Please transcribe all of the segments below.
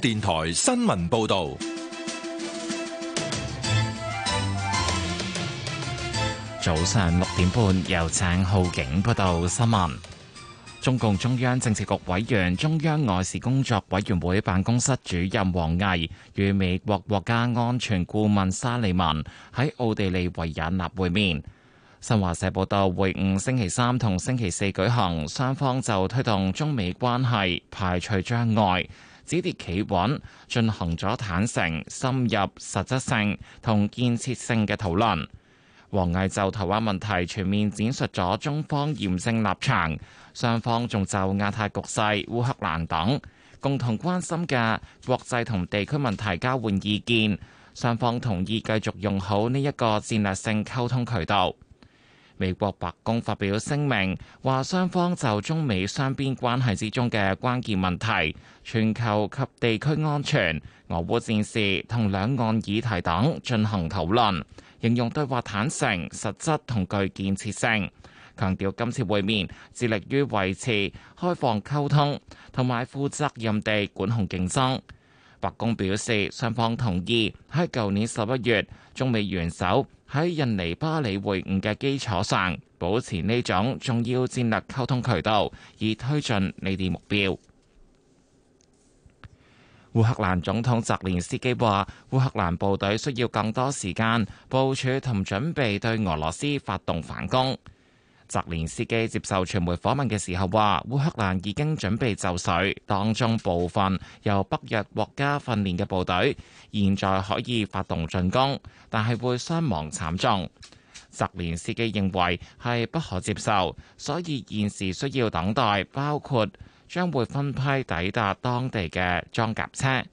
電台新聞報道，早上六點半，有請浩景報道新聞。中共中央政治局委員、中央外事工作委員會辦公室主任王毅與美國國家安全顧問沙利文喺奧地利維也納會面。新華社報道，會晤星期三同星期四舉行，雙方就推動中美關係排除障礙。止跌企穩，進行咗坦誠、深入、實質性同建設性嘅討論，王毅就台灣問題全面展述咗中方嚴正立場，雙方仲就亞太局勢、烏克蘭等共同關心嘅國際同地區問題交換意見，雙方同意繼續用好呢一個戰略性溝通渠道。美國白宮發表聲明，話雙方就中美雙邊關係之中嘅關鍵問題、全球及地區安全、俄烏戰事同兩岸議題等進行討論，形容對話坦誠、實質同具建設性，強調今次會面致力於維持開放溝通同埋負責任地管控競爭。白宮表示，雙方同意喺舊年十一月中美元首，喺印尼巴里會晤嘅基礎上，保持呢種重要戰略溝通渠道，以推進呢啲目標。烏克蘭總統澤連斯基話，烏克蘭部隊需要更多時間部署同準備對俄羅斯發動反攻。澤連斯基接受傳媒訪問嘅時候話，烏克蘭已經準備就緒，當中部分由北約國家訓練嘅部隊，現在可以發動進攻，但係會傷亡慘重。澤連斯基認為係不可接受，所以現時需要等待，包括將會分批抵達當地嘅裝甲車。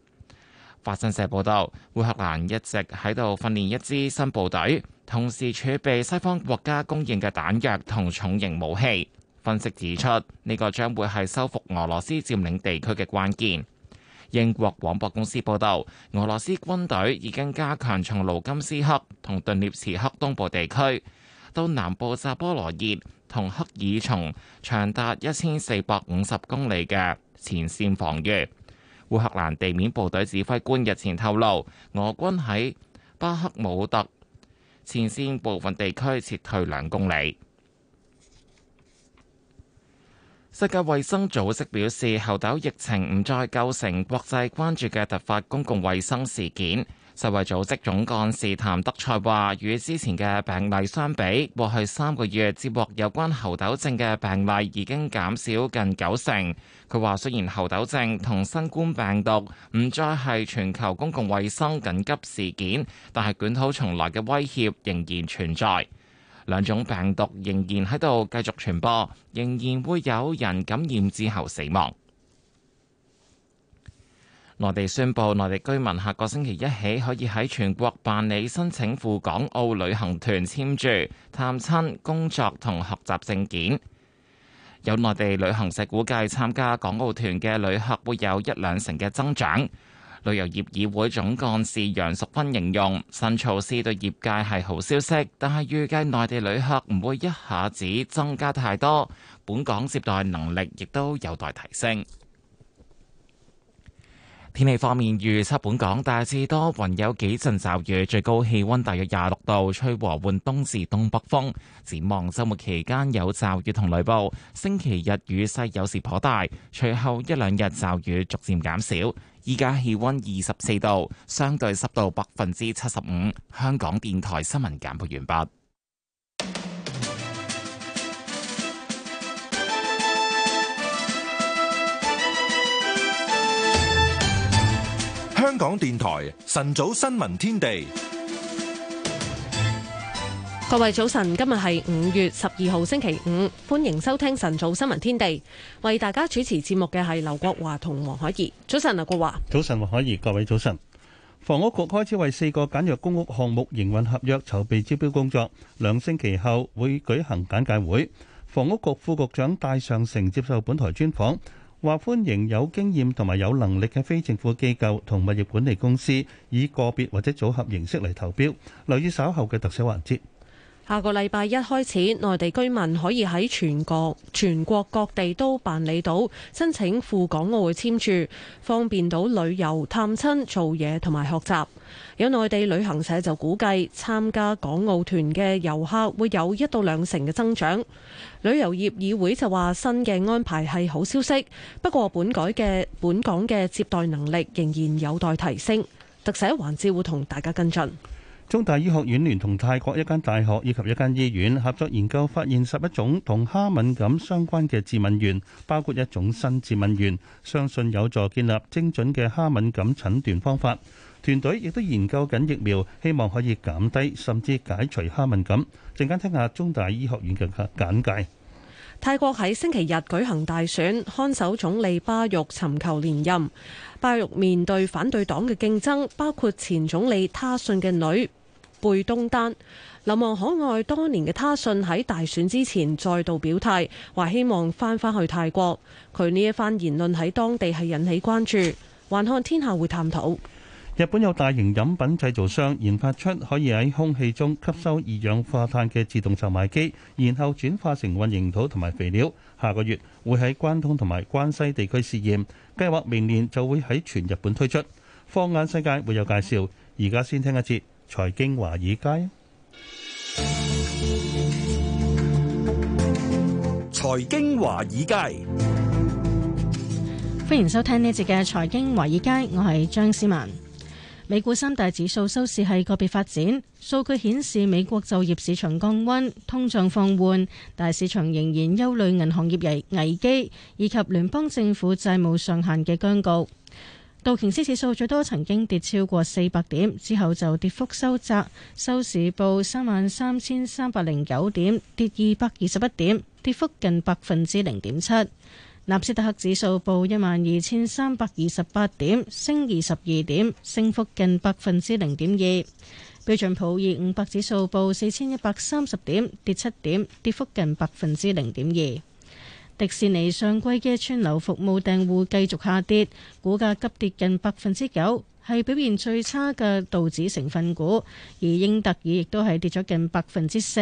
法新社報道，烏克蘭一直喺度訓練一支新部隊，同時儲備西方國家供應嘅彈藥同重型武器。分析指出，呢個將會係收復俄羅斯佔領地區嘅關鍵。英國廣播公司報道，俄羅斯軍隊已經加強從盧甘斯克同頓涅茨克東部地區到南部扎波羅熱同克爾松長達一千四百五十公里嘅前線防禦。烏克蘭地面部隊指揮官日前透露，俄軍喺巴克姆特前線部分地區撤退兩公里。世界衛生組織表示，猴痘疫情唔再構成國際關注嘅突發公共衛生事件。世衛組織總幹事譚德塞話，與之前嘅病例相比，過去三個月接獲有關猴痘症嘅病例已經減少近九成。佢話雖然猴痘症同新冠病毒唔再係全球公共衛生緊急事件，但係捲土重來嘅威脅仍然存在。兩種病毒仍然喺度繼續傳播，仍然會有人感染之後死亡。內地宣布，內地居民下個星期一起可以喺全國辦理申請赴港澳旅行團簽注、探親、工作同學習證件。有內地旅行社估計參加港澳團嘅旅客會有一兩成嘅增長。旅遊業議會總幹事楊淑芬形容新措施對業界係好消息，但係預計內地旅客唔會一下子增加太多，本港接待能力亦都有待提升。天氣方面，預測本港大致多雲，有幾陣驟雨，最高氣溫大約廿六度，吹和緩東至東北風。展望周末期間有驟雨同雷暴，星期日雨勢有時頗大，隨後一兩日驟雨逐漸減少。依家氣溫二十四度，相對濕度百分之七十五。香港電台新聞簡報完畢。香港電台晨早新聞天地，各位早晨，今日係五月十二號星期五，歡迎收聽晨早新聞天地。為大家主持節目嘅係劉國華同黃海怡。早晨，劉國華。早晨，黃海怡。各位早晨。房屋局開始為四個簡約公屋項目營運合約籌備招標工作，兩星期後會舉行簡介會。房屋局副局長戴尚成接受本台專訪，話歡迎有經驗同埋有能力嘅非政府機構同物業管理公司，以個別或者組合形式嚟投標，留意稍後嘅特寫環節。下個禮拜一開始，內地居民可以喺全國全國各地都辦理到申請赴港澳嘅簽注，方便到旅遊探親、做嘢同埋學習。有內地旅行社就估計，參加港澳團嘅遊客會有一到兩成嘅增長。旅遊業議會就話，新嘅安排係好消息，不過本改嘅本港嘅接待能力仍然有待提升。特寫環節會同大家跟進。中大醫學院聯同泰國一間大學以及一間醫院合作研究，發現十一種同蝦敏感相關嘅致敏原，包括一種新致敏原，相信有助建立精準嘅蝦敏感診斷方法。團隊亦都研究緊疫苗，希望可以減低甚至解除蝦敏感。陣間聽下中大醫學院嘅簡介。泰國喺星期日舉行大選，看守總理巴育尋求連任。巴育面對反對黨嘅競爭，包括前總理他信嘅女貝東丹。流亡海外多年嘅他信喺大選之前再度表態，話希望翻翻去泰國。佢呢一番言論喺當地係引起關注。還看天下會探討。日本有大型飲品製造商研發出可以喺空氣中吸收二氧化碳嘅自動售賣機，然後轉化成混凝土同埋肥料。下個月會喺關東同埋關西地區試驗，計劃明年就會喺全日本推出。放眼世界會有介紹，而家先聽一節《財經華爾街》。《財經華爾街》，歡迎收聽呢節嘅《財經華爾街》，我係張思文。美股三大指數收市係個別發展，數據顯示美國就業市場降溫，通脹放緩，但市場仍然憂慮銀行業危危機，以及聯邦政府債務上限嘅僵局。道瓊斯指數最多曾經跌超過四百點，之後就跌幅收窄，收市報三萬三千三百零九點，跌二百二十一點，跌幅近百分之零點七。納斯達克指數報一萬二千三百二十八點，升二十二點，升幅近百分之零點二。標準普爾五百指數報四千一百三十點，跌七點，跌幅近百分之零點二。迪士尼上季嘅串流服務訂戶繼續下跌，股價急跌近百分之九，係表現最差嘅道指成分股。而英特爾亦都係跌咗近百分之四。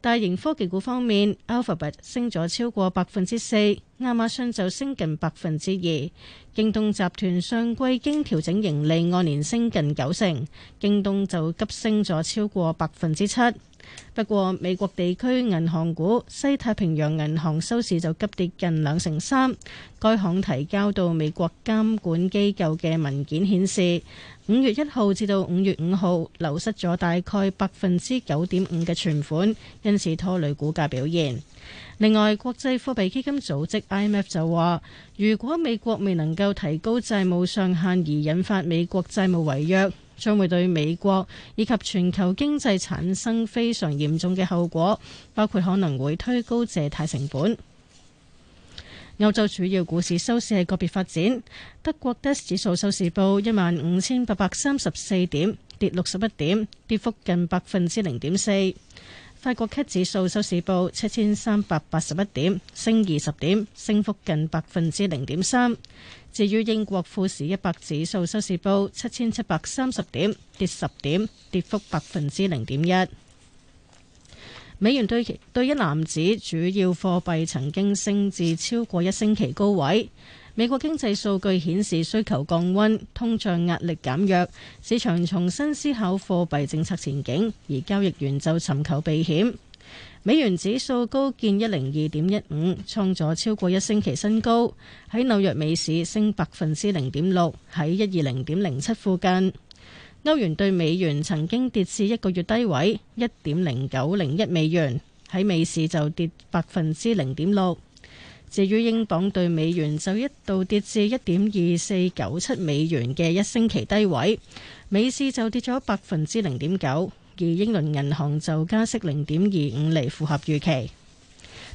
大型科技股方面，Alphabet 升咗超過百分之四，亞馬遜就升近百分之二，京東集團上季經調整盈利按年升近九成，京東就急升咗超過百分之七。不過，美國地區銀行股西太平洋銀行收市就急跌近兩成三。該行提交到美國監管機構嘅文件顯示，五月一號至到五月五號流失咗大概百分之九點五嘅存款，因此拖累股價表現。另外，國際貨幣基金組織 IMF 就話，如果美國未能夠提高債務上限而引發美國債務違約。將會對美國以及全球經濟產生非常嚴重嘅後果，包括可能會推高借貸成本。歐洲主要股市收市係個別發展，德國的指數收市報一萬五千八百三十四點，跌六十一點，跌幅近百分之零點四。泰國 K 指數收市報七千三百八十一點，升二十點，升幅近百分之零點三。至於英國富時一百指數收市報七千七百三十點，跌十點，跌幅百分之零點一。美元兌兌一籃子主要貨幣曾經升至超過一星期高位。美國經濟數據顯示需求降温，通脹壓力減弱，市場重新思考貨幣政策前景，而交易員就尋求避險。美元指數高見一零二點一五，創咗超過一星期新高。喺紐約美市升百分之零點六，喺一二零點零七附近。歐元對美元曾經跌至一個月低位，一點零九零一美元，喺美市就跌百分之零點六。至於英鎊兌美元就一度跌至一點二四九七美元嘅一星期低位，美市就跌咗百分之零點九，而英倫銀行就加息零點二五厘符合預期。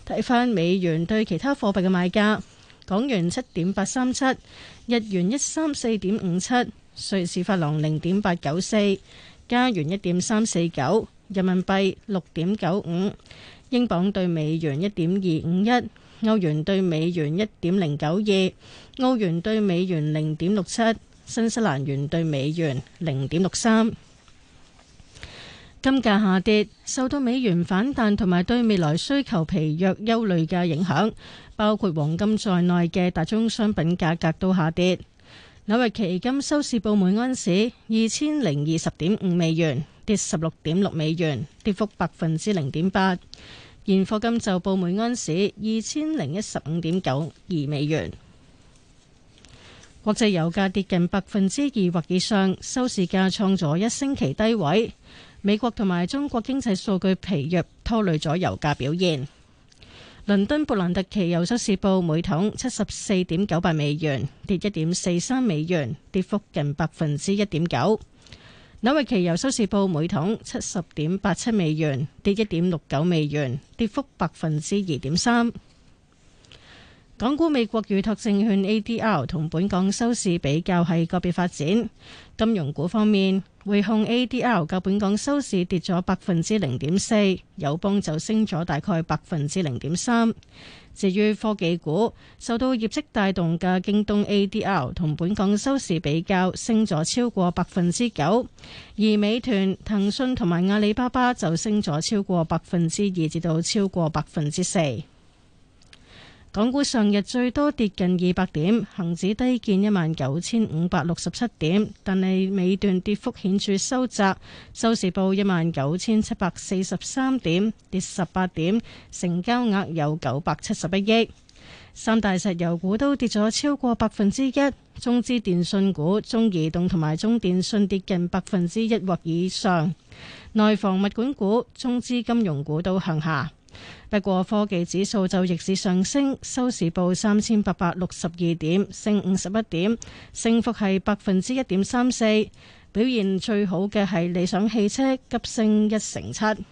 睇返美元對其他貨幣嘅賣價，港元七點八三七，日元一三四點五七，瑞士法郎零點八九四，加元一點三四九，人民幣六點九五，英鎊兌美元一點二五一。歐元對美元一點零九二，澳元對美元零點六七，新西蘭元對美元零點六三。金價下跌，受到美元反彈同埋對未來需求疲弱憂慮嘅影響，包括黃金在內嘅大宗商品價格都下跌。紐約期金收市報每安士二千零二十點五美元，跌十六點六美元，跌幅百分之零點八。現貨金就報每安士二千零一十五點九二美元，國際油價跌近百分之二或以上，收市價創咗一星期低位。美國同埋中國經濟數據疲弱，拖累咗油價表現。倫敦布蘭特期油收市報每桶七十四點九八美元，跌一點四三美元，跌幅近百分之一點九。紐約期油收市報每桶七十點八七美元，跌一點六九美元，跌幅百分之二點三。港股美國預託證券 ADR 同本港收市比較係個別發展。金融股方面，匯控 ADR 較本港收市跌咗百分之零點四，友邦就升咗大概百分之零點三。至於科技股，受到業績帶動嘅京東 ADR 同本港收市比較，升咗超過百分之九，而美團、騰訊同埋阿里巴巴就升咗超過百分之二至到超過百分之四。港股上日最多跌近二百點，恒指低見一萬九千五百六十七點，但係尾段跌幅顯著收窄，收市報一萬九千七百四十三點，跌十八點，成交額有九百七十一億。三大石油股都跌咗超過百分之一，中資電信股、中移動同埋中電信跌近百分之一或以上，內房物管股、中資金融股都向下。不過科技指數就逆市上升，收市報三千八百六十二點，升五十一點，升幅係百分之一點三四。表現最好嘅係理想汽車，急升一成七。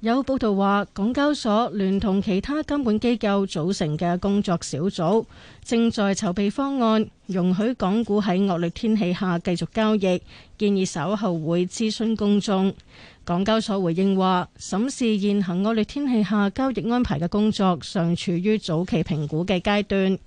有報道話，港交所聯同其他監管機構組成嘅工作小組，正在籌備方案，容許港股喺惡劣天氣下繼續交易，建議稍後會諮詢公眾。港交所回應話，審視現行惡劣天氣下交易安排嘅工作尚處於早期評估嘅階段。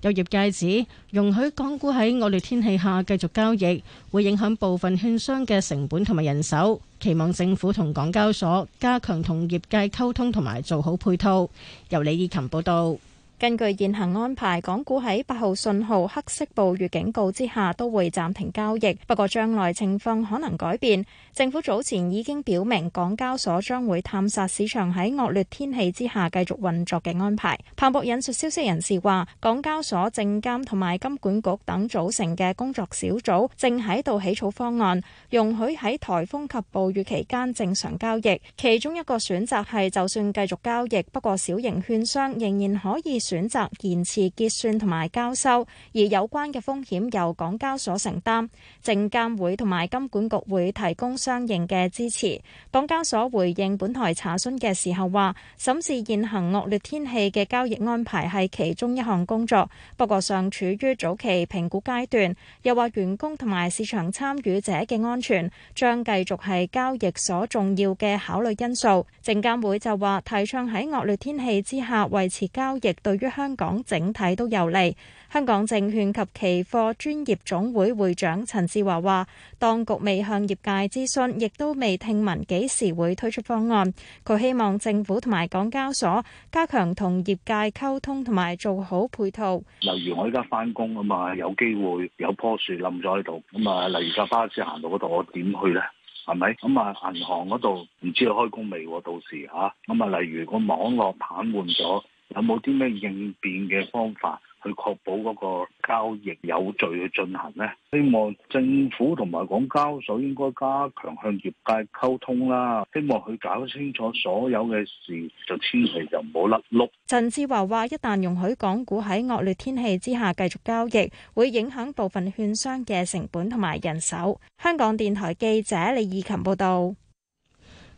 有業界指，容許港股喺惡劣天氣下繼續交易，會影響部分券商嘅成本同埋人手。期望政府同港交所加強同業界溝通同埋做好配套。由李以琴報道。根據現行安排，港股喺八號信號黑色暴雨警告之下都會暫停交易。不過將來情況可能改變。政府早前已經表明，港交所將會探索市場喺惡劣天氣之下繼續運作嘅安排。彭博引述消息人士話，港交所證監同埋金管局等組成嘅工作小組正喺度起草方案，容許喺颱風及暴雨期間正常交易。其中一個選擇係，就算繼續交易，不過小型券商仍然可以選擇延遲結算同埋交收，而有關嘅風險由港交所承擔證監會同埋金管局會提供相應嘅支持。港交所回應本台查詢嘅時候話，審視現行惡劣天氣嘅交易安排係其中一項工作，不過尚處於早期評估階段。又話員工同埋市場參與者嘅安全將繼續係交易所重要嘅考慮因素。證監會就話提倡喺惡劣天氣之下維持交易對於香港整體都有利。香港證券及期貨專業總會會長陳志華話，當局未向業界諮詢，亦都未聽聞幾時會推出方案。佢希望政府同埋港交所加強同業界溝通，同埋做好配套。例如我而家返工啊嘛，有機會有棵樹冧咗喺度，咁啊，例如架巴士行到嗰度，我點去呢？係咪咁啊？銀行嗰度唔知開工未？到時嚇，咁啊，例如個網絡癱瘓咗。有冇啲咩應變嘅方法去確保嗰個交易有序去進行呢？希望政府同埋港交所應該加強向業界溝通啦。希望佢搞清楚所有嘅事，就千祈就唔好甩碌。陳志華話，一旦容許港股喺惡劣天氣之下繼續交易，會影響部分券商嘅成本同埋人手。香港電台記者李義琴報道。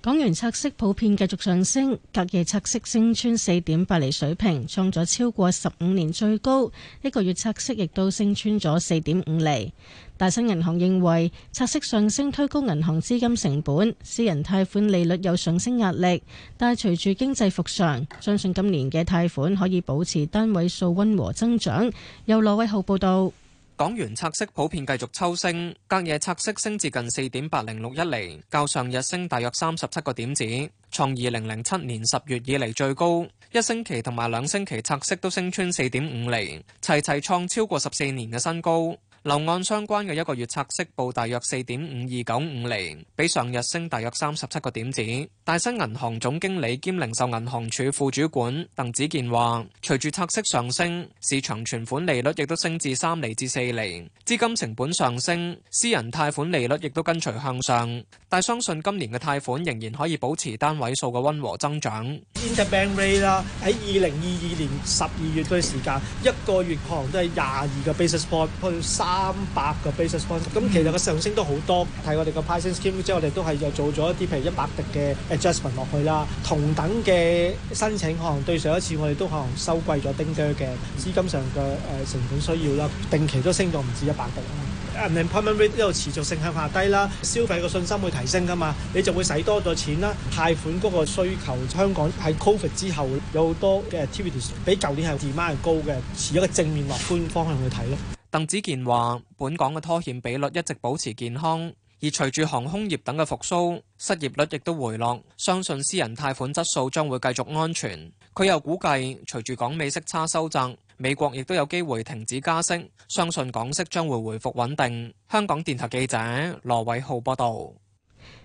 港元拆息普遍繼續上升，隔夜拆息升穿四點八厘水平，創咗超過十五年最高。一個月拆息亦都升穿咗四點五厘。大新銀行認為拆息上升推高銀行資金成本，私人貸款利率有上升壓力。但係，隨住經濟復常，相信今年嘅貸款可以保持單位數溫和增長。由羅偉浩報導。港元拆息普遍繼續抽升，隔夜拆息升至近四點八零六一厘，較上日升大約三十七個點子，創二零零七年十月以嚟最高。一星期同埋兩星期拆息都升穿四點五厘，齊齊創超過十四年嘅新高。樓按相關嘅一個月拆息報大約四點五二九五厘，比上日升大約三十七個點子。大新銀行總經理兼零售銀行處副主管鄧子健話：隨住拆息上升，市場存款利率亦都升至三厘至四厘，資金成本上升，私人貸款利率亦都跟隨向上。但相信今年嘅貸款仍然可以保持單位數嘅溫和增長。Interbank rate 啦，喺二零二二年十二月嘅時間，一個月可能都係廿二個 basis point 去三。三百個 basis point，咁其實個上升都好多。睇我哋個 pricing scheme 之後，我哋都係又做咗一啲譬如一百滴嘅 adjustment 落去啦。同等嘅申請，可能對上一次我哋都可能收貴咗丁 jar 嘅資金上嘅誒成本需要啦。定期都升咗唔止一百滴啦。Unemployment rate 一路持續性向下低啦，消費嘅信心會提升㗎嘛，你就會使多咗錢啦。貸款嗰個需求，香港喺 Covid 之後有好多嘅 activities，比舊年係二萬係高嘅，持一個正面樂觀方向去睇咯。鄧子健話，本港嘅拖欠比率一直保持健康，而隨住航空業等嘅復甦，失業率亦都回落，相信私人貸款質素將會繼續安全。佢又估計，隨住港美息差收窄，美國亦都有機會停止加息，相信港息將會回復穩定。香港電台記者羅偉浩報道。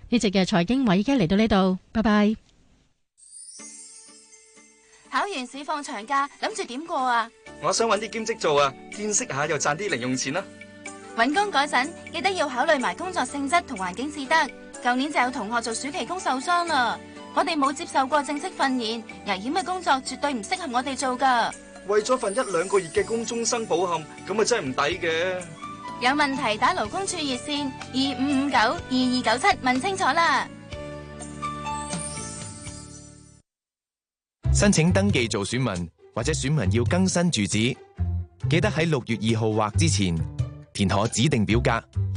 呢節嘅財經匯已經嚟到呢度，拜拜。考完試放長假，諗住點過啊？我想揾啲兼職做啊，見識下又賺啲零用錢啦。揾工嗰陣記得要考慮埋工作性質同環境至得。舊年就有同學做暑期工受傷啦。我哋冇接受過正式訓練，危險嘅工作絕對唔適合我哋做噶。為咗份一兩個月嘅工終生抱憾，咁啊真係唔抵嘅。有問題打勞工處熱線二五五九二二九七問清楚啦。申請登記做選民或者選民要更新住址，記得喺六月二號或之前填妥指定表格，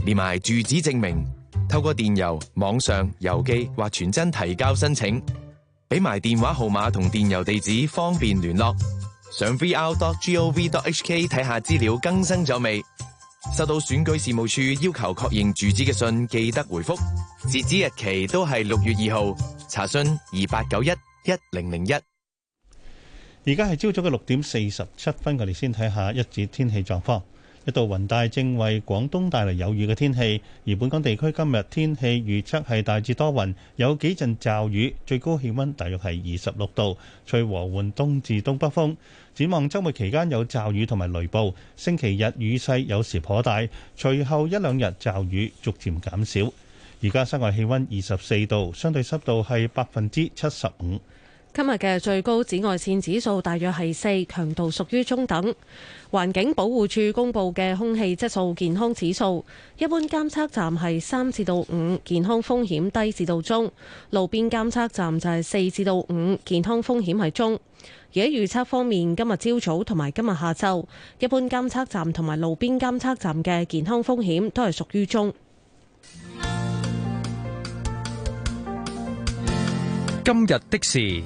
連埋住址證明，透過電郵、網上、郵寄或傳真提交申請，俾埋電話號碼同電郵地址方便聯絡。上 vr.gov.hk 睇下資料更新咗未？收到選舉事務處要求確認住址嘅信，記得回覆。截止日期都係六月二號。查詢二八九一一零零一。而家係朝早嘅六點四十七分，我哋先睇下一節天氣狀況。一道雲帶正為廣東帶嚟有雨嘅天氣，而本港地區今日天氣預測係大致多雲，有幾陣驟雨，最高氣溫大約係二十六度，吹和緩東至東北風。展望週末期間有驟雨同埋雷暴，星期日雨勢有時頗大，隨後一兩日驟雨逐漸減，減，減少。而家室外氣溫二十四度，相對濕度係百分之七十五。今日嘅最高紫外線指數大約係四，強度屬於中等。環境保護署公布嘅空氣質素健康指數，一般監測站係三至到五，健康風險低至到中；路邊監測站就係四至到五，健康風險係中。而喺預測方面，今日朝早同埋今日下晝，一般監測站同埋路邊監測站嘅健康風險都係屬於中。今日的事。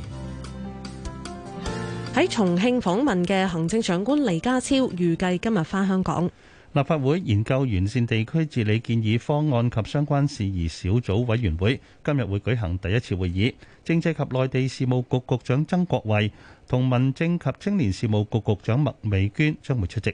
喺重慶訪問嘅行政長官李家超預計今日返香港。立法會研究完善地區治理建議方案及相關事宜小組委員會今日會舉行第一次會議，政制及內地事務局局長曾國衛同民政及青年事務局局長麥美娟將會出席。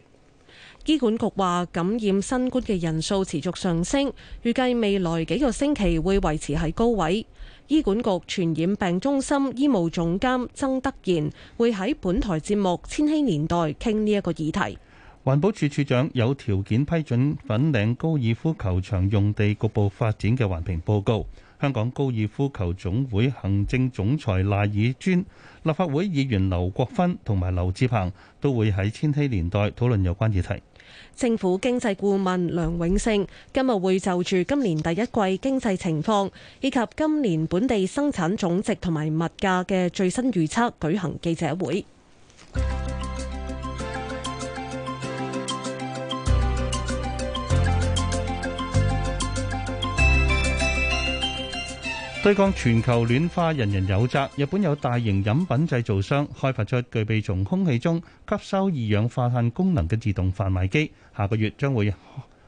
醫管局話，感染新冠嘅人數持續上升，預計未來幾個星期會維持喺高位。醫管局傳染病中心醫務總監曾德賢會喺本台節目《千禧年代》傾呢一個議題。環保署署長有條件批准粉嶺高爾夫球場用地局部發展嘅環評報告。香港高爾夫球總會行政總裁賴爾尊、立法會議員劉國勳同埋劉智鵬都會喺《千禧年代》討論有關議題。政府經濟顧問梁永勝今日會就住今年第一季經濟情況，以及今年本地生產總值同埋物價嘅最新預測舉行記者會。對抗全球暖化，人人有責。日本有大型飲品製造商開發出具備從空氣中吸收二氧化碳功能嘅自動販賣機，下個月將會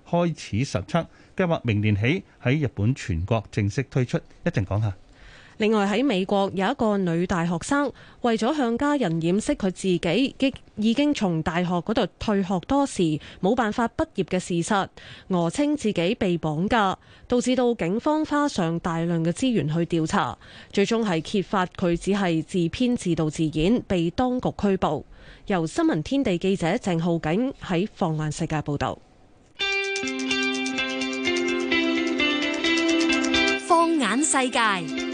開始實測，計劃明年起喺日本全國正式推出。一陣講下。另外喺美國有一個女大學生為咗向家人掩飾佢自己已經從大學嗰度退學多時，冇辦法畢業嘅事實，訛稱自己被綁架，導致到警方花上大量嘅資源去調查，最終係揭發佢只係自編自導自演，被當局拘捕。由新聞天地記者鄭浩景喺放眼世界報導。放眼世界。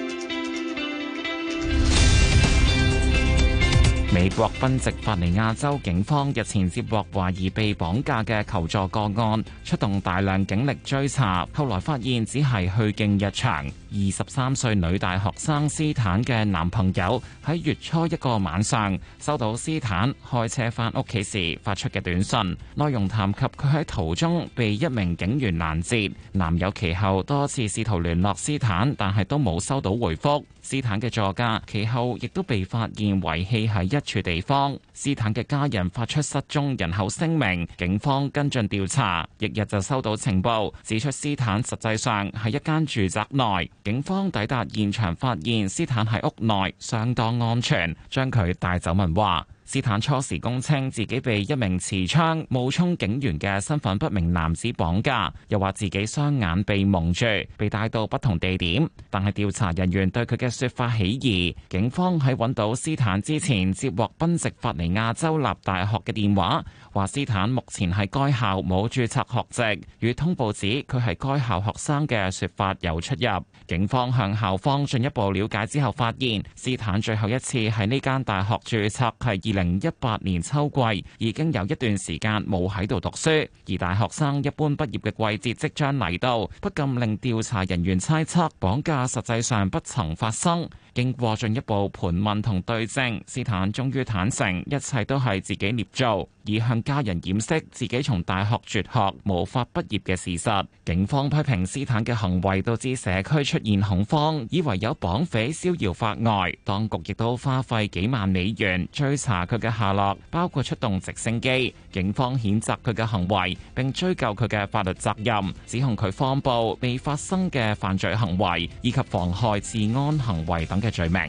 美國賓夕法尼亞州警方日前接獲懷疑被綁架嘅求助個案，出動大量警力追查，後來發現只係虛驚一場。二十三歲女大學生斯坦嘅男朋友喺月初一個晚上收到斯坦開車翻屋企時發出嘅短信，內容談及佢喺途中被一名警員攔截。男友其後多次試圖聯絡斯坦，但係都冇收到回覆。斯坦嘅座駕其後亦都被發現遺棄喺一處地方。斯坦嘅家人發出失蹤人口聲明，警方跟進調查，翌日就收到情報指出，斯坦實際上喺一間住宅內。警方抵達現場，發現斯坦喺屋內相當安全，將佢帶走問話。斯坦初時供稱自己被一名持槍冒充警員嘅身份不明男子綁架，又話自己雙眼被蒙住，被帶到不同地點。但係調查人員對佢嘅說法起疑。警方喺揾到斯坦之前接獲賓夕法尼亞州立大學嘅電話，話斯坦目前喺該校冇註冊學籍，與通報指佢係該校學生嘅說法有出入。警方向校方進一步了解之後發現，斯坦最後一次喺呢間大學註冊係二零一八年秋季，已經有一段時間冇喺度讀書，而大學生一般畢業嘅季節即將嚟到，不禁令調查人員猜測，綁架實際上不曾發生。經過進一步盤問同對證，斯坦終於坦承，一切都係自己捏造，以向家人掩飾自己從大學輟學、無法畢業嘅事實。警方批評斯坦嘅行為導致社區出現恐慌，以為有綁匪逍遙法外。當局亦都花費幾萬美元追查佢嘅下落，包括出動直升機。警方譴責佢嘅行為，並追究佢嘅法律責任，指控佢謊報未發生嘅犯罪行為以及妨害治安行為等。嘅罪名。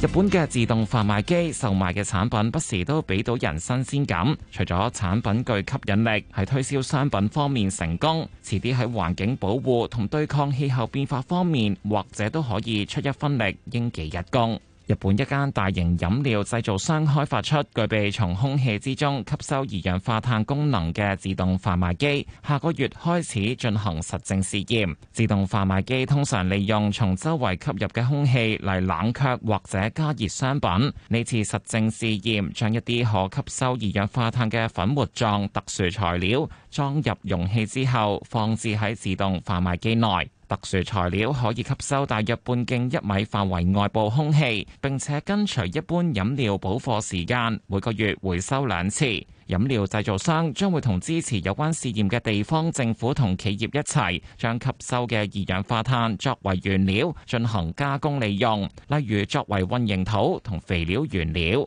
日本嘅自動販賣機售賣嘅產品不時都俾到人新鮮感，除咗產品具吸引力，喺推銷商品方面成功，遲啲喺環境保護同對抗氣候變化方面，或者都可以出一分力應一，應幾日功。日本一間大型飲料製造商開發出具備從空氣之中吸收二氧化碳功能嘅自動販賣機，下個月開始進行實證試驗。自動販賣機通常利用從周圍吸入嘅空氣嚟冷卻或者加熱商品。呢次實證試驗將一啲可吸收二氧化碳嘅粉末狀特殊材料裝入容器之後，放置喺自動販賣機內。特殊材料可以吸收大約半徑一米範圍外部空氣，並且跟隨一般飲料補貨時間，每個月回收兩次。飲料製造商將會同支持有關試驗嘅地方政府同企業一齊將吸收嘅二氧化碳作為原料進行加工利用，例如作為混凝土同肥料原料。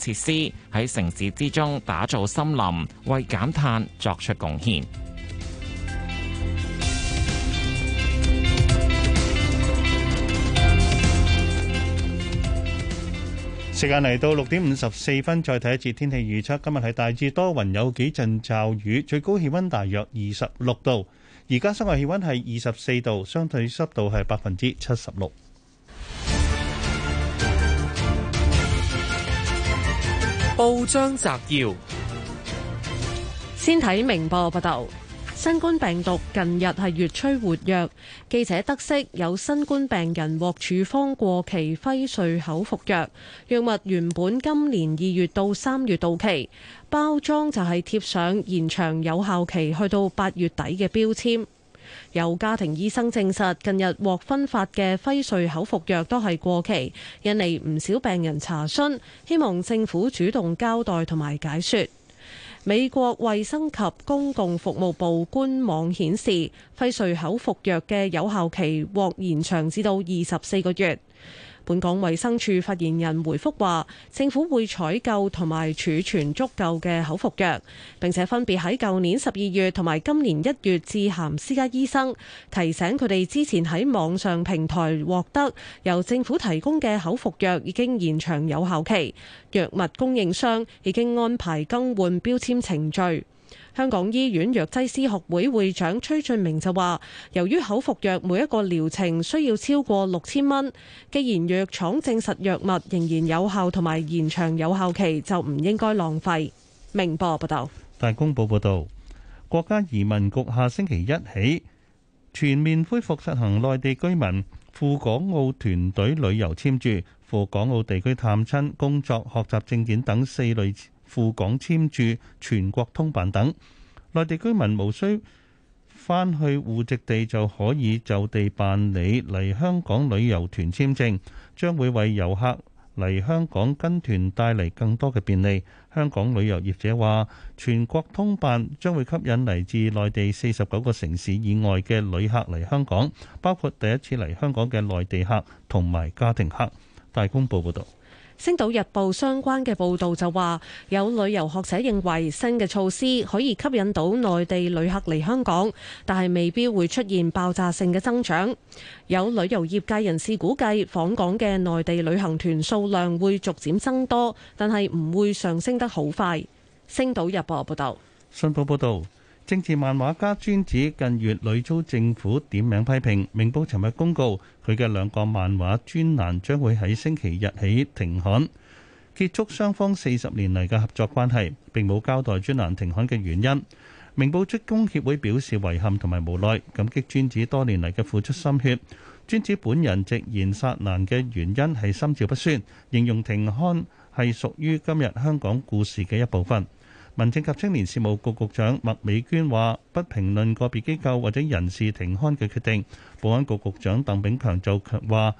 設施喺城市之中打造森林，為減碳作出貢獻。時間嚟到六點五十四分，再睇一次天氣預測。今日係大致多雲，有幾陣驟雨，最高氣溫大約二十六度。而家室外氣溫係二十四度，相對濕度係百分之七十六。報章摘要：先睇明報報道，新冠病毒近日係越趨活躍。記者得悉有新冠病人獲處方過期輝瑞口服藥，藥物原本今年二月到三月到期，包裝就係貼上延長有效期去到八月底嘅標籤。有家庭醫生證實，近日獲分發嘅輝瑞口服藥都係過期，引嚟唔少病人查詢，希望政府主動交代同埋解説。美國衛生及公共服務部官網顯示，輝瑞口服藥嘅有效期獲延長至到二十四個月。本港衛生署發言人回覆話政府會採購同埋儲存足夠嘅口服藥，並且分別喺舊年十二月同埋今年一月致函私家醫生，提醒佢哋之前喺網上平台獲得由政府提供嘅口服藥已經延長有效期，藥物供應商已經安排更換標籤程序。香港醫院藥劑師學會會長崔俊明就話，由於口服藥每一個療程需要超過六千蚊，既然藥廠證實藥物仍然有效同埋延長有效期，就唔應該浪費。明報報道，大公報報道，國家移民局下星期一起全面恢復實行內地居民赴港澳團隊旅遊簽注、赴港澳地區探親、工作、學習證件等四類。赴港簽注、全國通辦等，內地居民無需返去戶籍地，就可以就地辦理嚟香港旅遊團簽證，將會為遊客嚟香港跟團帶嚟更多嘅便利。香港旅遊業者話，全國通辦將會吸引嚟自內地四十九個城市以外嘅旅客嚟香港，包括第一次嚟香港嘅內地客同埋家庭客。大公報報導。《星島日報》相關嘅報導就話，有旅遊學者認為新嘅措施可以吸引到內地旅客嚟香港，但係未必會出現爆炸性嘅增長。有旅遊業界人士估計，訪港嘅內地旅行團數量會逐漸增多，但係唔會上升得好快。《星島日報》報道。《信報》報道。政治漫畫家尊子近月屢遭政府點名批評，明報尋日公告，佢嘅兩個漫畫專欄將會喺星期日起停刊，結束雙方四十年嚟嘅合作關係。並冇交代專欄停刊嘅原因。明報職工協會表示遺憾同埋無奈，感激尊子多年嚟嘅付出心血。尊子本人直言殺難嘅原因係心照不宣，形容停刊係屬於今日香港故事嘅一部分。民政及青年事務局局長麥美娟話：不評論個別機構或者人士停刊嘅決定。保安局局長鄧炳強就話：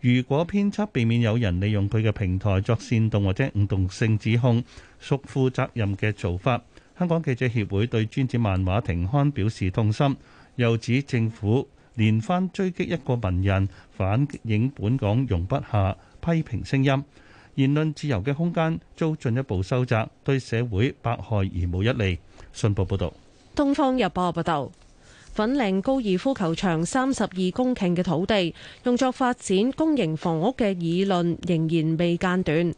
如果編輯避免有人利用佢嘅平台作煽動或者誤導性指控，屬負責任嘅做法。香港記者協會對尊子漫畫停刊表示痛心，又指政府連番追擊一個文人，反映本港容不下批評聲音。言論自由嘅空間遭進一步收窄，對社會百害而無一利。信報報道。東方日報報道，粉嶺高爾夫球場三十二公頃嘅土地用作發展公營房屋嘅議論仍然未間斷。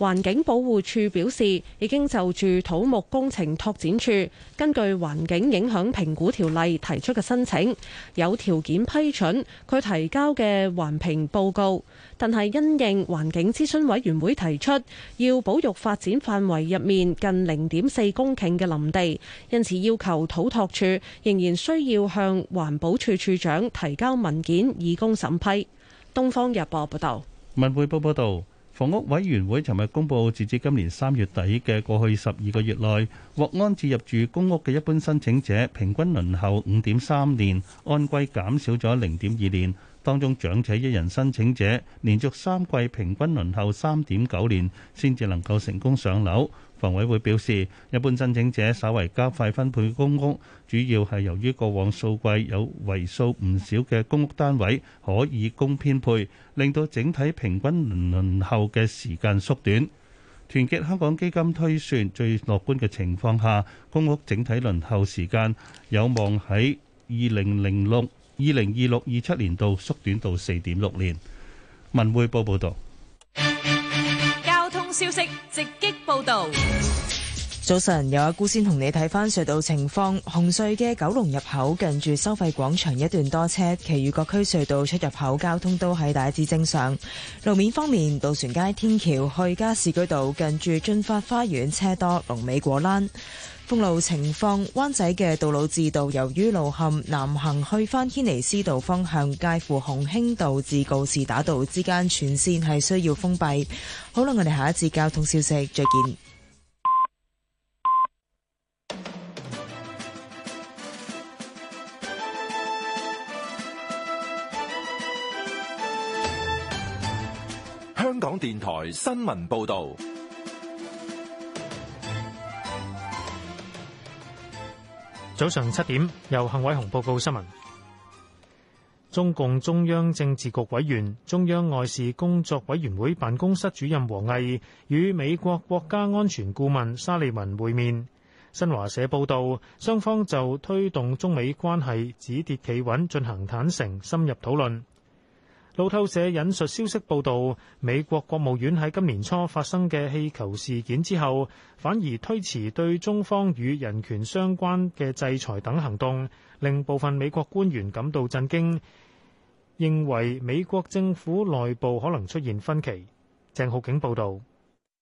環境保護署表示，已經就住土木工程拓展處根據《環境影響評估條例》提出嘅申請，有條件批准佢提交嘅環評報告，但係因應環境諮詢委員會提出要保育發展範圍入面近零點四公頃嘅林地，因此要求土拓處仍然需要向環保署署長提交文件以供審批。《東方日報》報道。文匯報報道。房屋委員會尋日公布，截至今年三月底嘅過去十二個月內獲安置入住公屋嘅一般申請者平均輪候五點三年，按季減少咗零點二年。當中長者一人申請者，連續三季平均輪候三點九年，先至能夠成功上樓。房委會表示，一般申請者稍為加快分配公屋，主要係由於過往數季有為數唔少嘅公屋單位可以供編配，令到整體平均輪候嘅時間縮短。團結香港基金推算，最樂觀嘅情況下，公屋整體輪候時間有望喺二零零六、二零二六、二七年度縮短到四點六年。文匯報報導。消息直擊報道。早晨，有阿姑先同你睇翻隧道情況。紅隧嘅九龍入口近住收費廣場一段多車，其餘各區隧道出入口交通都係大致正常。路面方面，渡船街天橋去加士居道近住駿發花園車多，龍尾果欄。封路情況，灣仔嘅杜老誌道，由於路陷，南行去返軒尼詩道方向，介乎鴻興道至告士打道之間，全線係需要封閉。好啦，我哋下一節交通消息再見。香港電台新聞報道。早上七點，由幸偉雄報告新聞。中共中央政治局委員、中央外事工作委員會辦公室主任王毅與美國國家安全顧問沙利文會面。新華社報道，雙方就推動中美關係止跌企穩進行坦誠深入討論。路透社引述消息報道，美國國務院喺今年初發生嘅氣球事件之後，反而推遲對中方與人權相關嘅制裁等行動，令部分美國官員感到震驚，認為美國政府內部可能出現分歧。鄭浩景報道。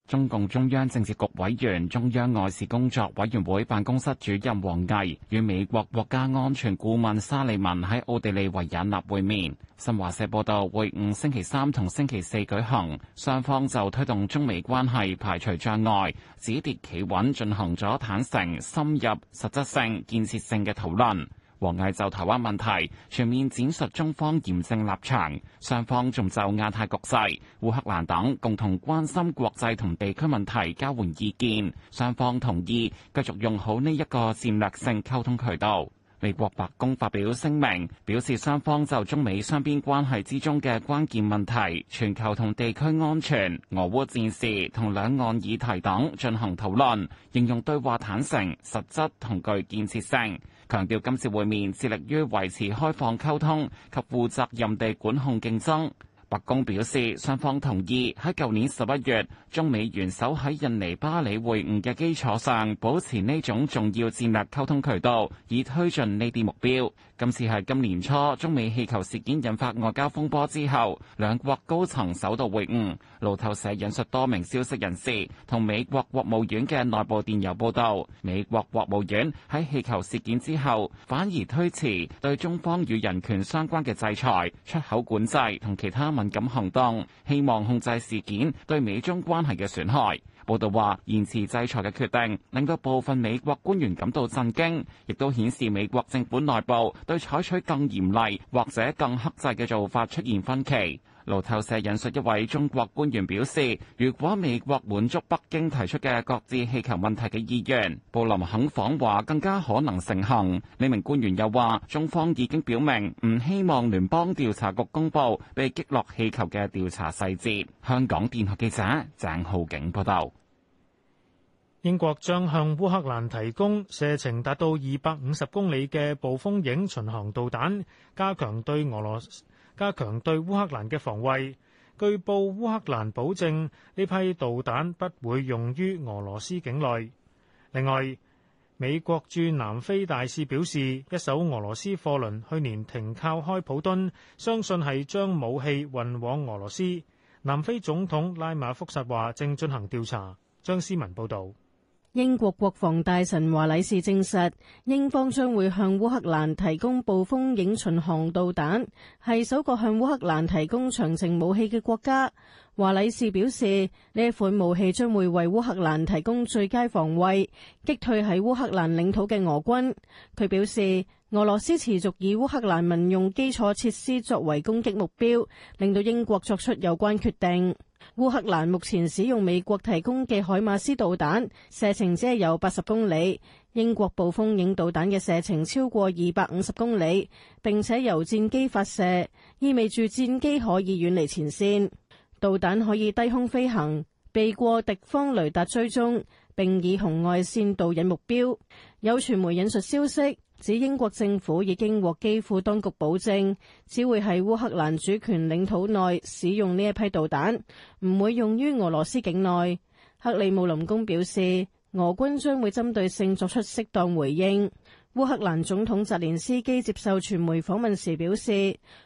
中共中央政治局委員、中央外事工作委員會辦公室主任王毅與美國國家安全顧問沙利文喺奧地利維也納會面。新華社報道，會晤星期三同星期四舉行，雙方就推動中美關係排除障礙、止跌企穩進行咗坦誠、深入、實質性、建設性嘅討論。王毅就台灣問題全面展述中方嚴正立場，雙方仲就亞太局勢、烏克蘭等共同關心國際同地區問題交換意見，雙方同意繼續用好呢一個戰略性溝通渠道。美國白宮發表聲明，表示雙方就中美雙邊關係之中嘅關鍵問題，全球同地區安全、俄烏戰事同兩岸議題等進行討論，形容對話坦誠、實質同具建設性。強調今次會面致力於維持開放溝通及負責任地管控競爭。白宮表示，雙方同意喺舊年十一月中美元首喺印尼巴里會晤嘅基礎上，保持呢種重要戰略溝通渠道，以推進呢啲目標。今次係今年初中美氣球事件引發外交風波之後，兩國高層首度會晤。路透社引述多名消息人士同美國國務院嘅內部電郵報導，美國國務院喺氣球事件之後反而推遲對中方與人權相關嘅制裁、出口管制同其他敏感行動，希望控制事件對美中關係嘅損害。報道話，延遲制裁嘅決定令到部分美國官員感到震驚，亦都顯示美國政府內部對採取更嚴厲或者更克制嘅做法出現分歧。路透社引述一位中國官員表示，如果美國滿足北京提出嘅擱置氣球問題嘅意願，布林肯訪華更加可能成行。呢名官員又話，中方已經表明唔希望聯邦調查局公布被擊落氣球嘅調查細節。香港電台記者鄭浩景報道。英國將向烏克蘭提供射程達到二百五十公里嘅暴風影巡航導彈，加強對俄羅斯。加強對烏克蘭嘅防衛。據報烏克蘭保證呢批導彈不會用於俄羅斯境內。另外，美國駐南非大使表示，一艘俄羅斯貨輪去年停靠開普敦，相信係將武器運往俄羅斯。南非總統拉馬福薩話正進行調查。張思文報導。英國國防大臣華禮士證實，英方將會向烏克蘭提供暴風影巡航導彈，係首個向烏克蘭提供長程武器嘅國家。華禮士表示，呢一款武器將會為烏克蘭提供最佳防衛，擊退喺烏克蘭領土嘅俄軍。佢表示，俄羅斯持續以烏克蘭民用基礎設施作為攻擊目標，令到英國作出有關決定。烏克蘭目前使用美國提供嘅海馬斯導彈，射程只係有八十公里；英國暴風影導彈嘅射程超過二百五十公里，並且由戰機發射，意味住戰機可以遠離前線。導彈可以低空飛行，避過敵方雷達追蹤，並以紅外線導引目標。有傳媒引述消息，指英國政府已經獲基輔當局保證，只會喺烏克蘭主權領土內使用呢一批導彈，唔會用於俄羅斯境內。克里姆林宮表示，俄軍將會針對性作出適當回應。烏克蘭總統澤連斯基接受傳媒訪問時表示，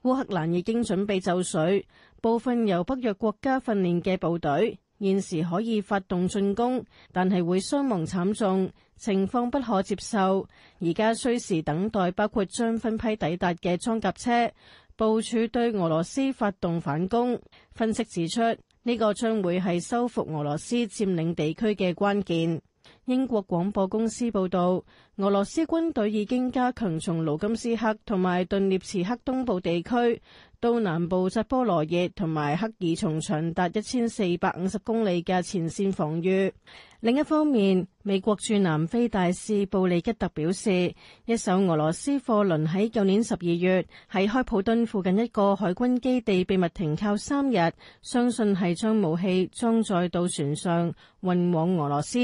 烏克蘭已經準備就緒，部分由北約國家訓練嘅部隊。現時可以發動進攻，但係會傷亡慘重，情況不可接受。而家需時等待包括將分批抵達嘅裝甲車部署，對俄羅斯發動反攻。分析指出，呢個將會係收復俄羅斯佔領地區嘅關鍵。英國廣播公司報道，俄羅斯軍隊已經加強從盧甘斯克同埋頓涅茨克東部地區到南部扎波羅熱同埋克爾松長達一千四百五十公里嘅前線防禦。另一方面，美國駐南非大使布里吉特表示，一艘俄羅斯貨輪喺舊年十二月喺開普敦附近一個海軍基地秘密停靠三日，相信係將武器裝載到船上運往俄羅斯。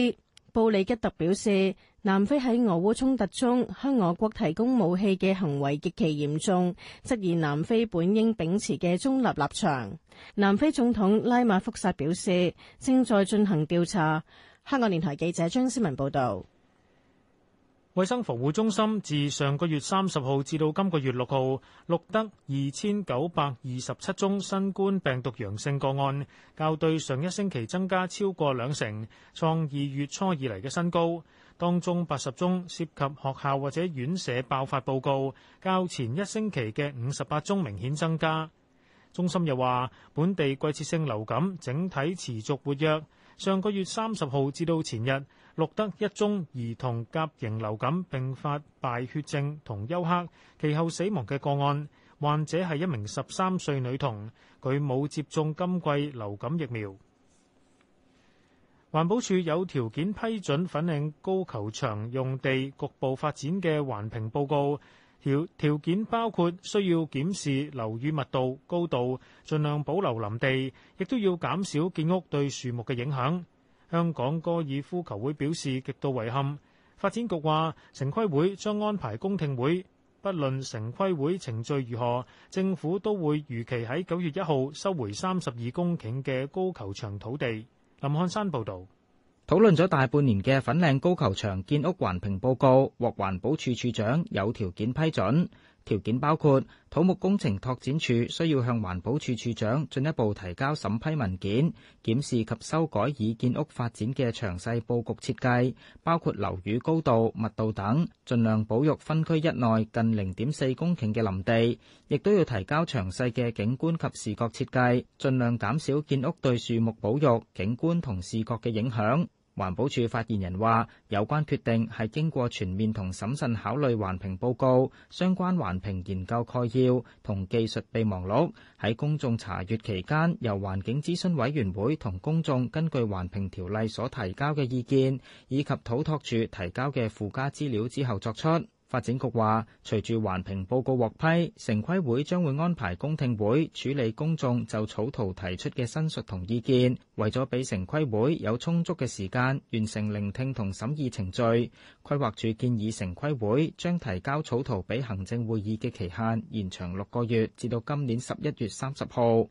布里吉特表示，南非喺俄烏衝突中向俄國提供武器嘅行為極其嚴重，質疑南非本應秉持嘅中立立場。南非總統拉馬福薩表示，正在進行調查。香港電台記者張思文報道。衛生防護中心自上個月三十號至到今個月六號錄得二千九百二十七宗新冠病毒陽性個案，較對上一星期增加超過兩成，創二月初以嚟嘅新高。當中八十宗涉及學校或者院舍爆發報告，較前一星期嘅五十八宗明顯增加。中心又話，本地季節性流感整體持續活躍，上個月三十號至到前日。錄得一宗兒童甲型流感併發敗血症同休克，其後死亡嘅個案。患者係一名十三歲女童，佢冇接種今季流感疫苗。環保署有條件批准粉嶺高球場用地局部發展嘅環評報告條件，包括需要檢視樓宇密度、高度，盡量保留林地，亦都要減少建屋對樹木嘅影響。香港高爾夫球會表示極度遺憾。發展局話，城規會將安排公聽會，不論城規會程序如何，政府都會如期喺九月一號收回三十二公頃嘅高球場土地。林漢山報導。討論咗大半年嘅粉嶺高球場建屋環評報告，獲環保署署長有條件批准。條件包括土木工程拓展署需要向環保署署長進一步提交審批文件、檢視及修改已建屋發展嘅詳細佈局設計，包括樓宇高度、密度等，盡量保育分區一內近零點四公頃嘅林地；亦都要提交詳細嘅景觀及視覺設計，盡量減少建屋對樹木保育、景觀同視覺嘅影響。環保署發言人話：有關決定係經過全面同審慎考慮環評報告、相關環評研究概要同技術備忘錄喺公眾查閱期間，由環境諮詢委員會同公眾根據環評條例所提交嘅意見，以及土拓署提交嘅附加資料之後作出。發展局話，隨住環評報告獲批，城規會將會安排公聽會處理公眾就草圖提出嘅申述同意見，為咗俾城規會有充足嘅時間完成聆聽同審議程序，規劃署建議城規會將提交草圖俾行政會議嘅期限延長六個月，至到今年十一月三十號。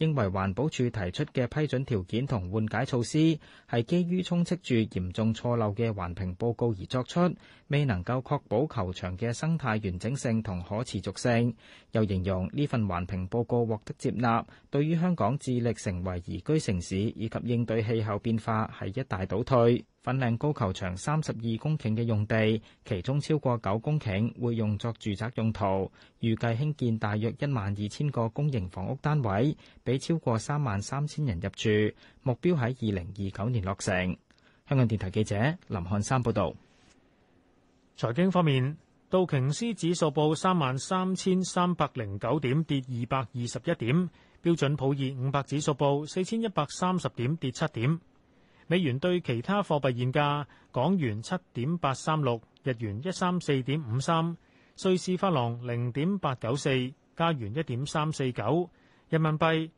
認為環保署提出嘅批准條件同緩解措施係基於充斥住嚴重錯漏嘅環評報告而作出，未能夠確保球場嘅生態完整性同可持續性。又形容呢份環評報告獲得接納，對於香港致力成為宜居城市以及應對氣候變化係一大倒退。粉嶺高球場三十二公頃嘅用地，其中超過九公頃會用作住宅用途，預計興建大約一萬二千個公營房屋單位。俾超過三萬三千人入住，目標喺二零二九年落成。香港電台記者林漢山報導。財經方面，道瓊斯指數報三萬三千三百零九點，跌二百二十一點；標準普爾五百指數報四千一百三十點，跌七點。美元對其他貨幣現價：港元七點八三六，日元一三四點五三，瑞士法郎零點八九四，加元一點三四九，人民幣。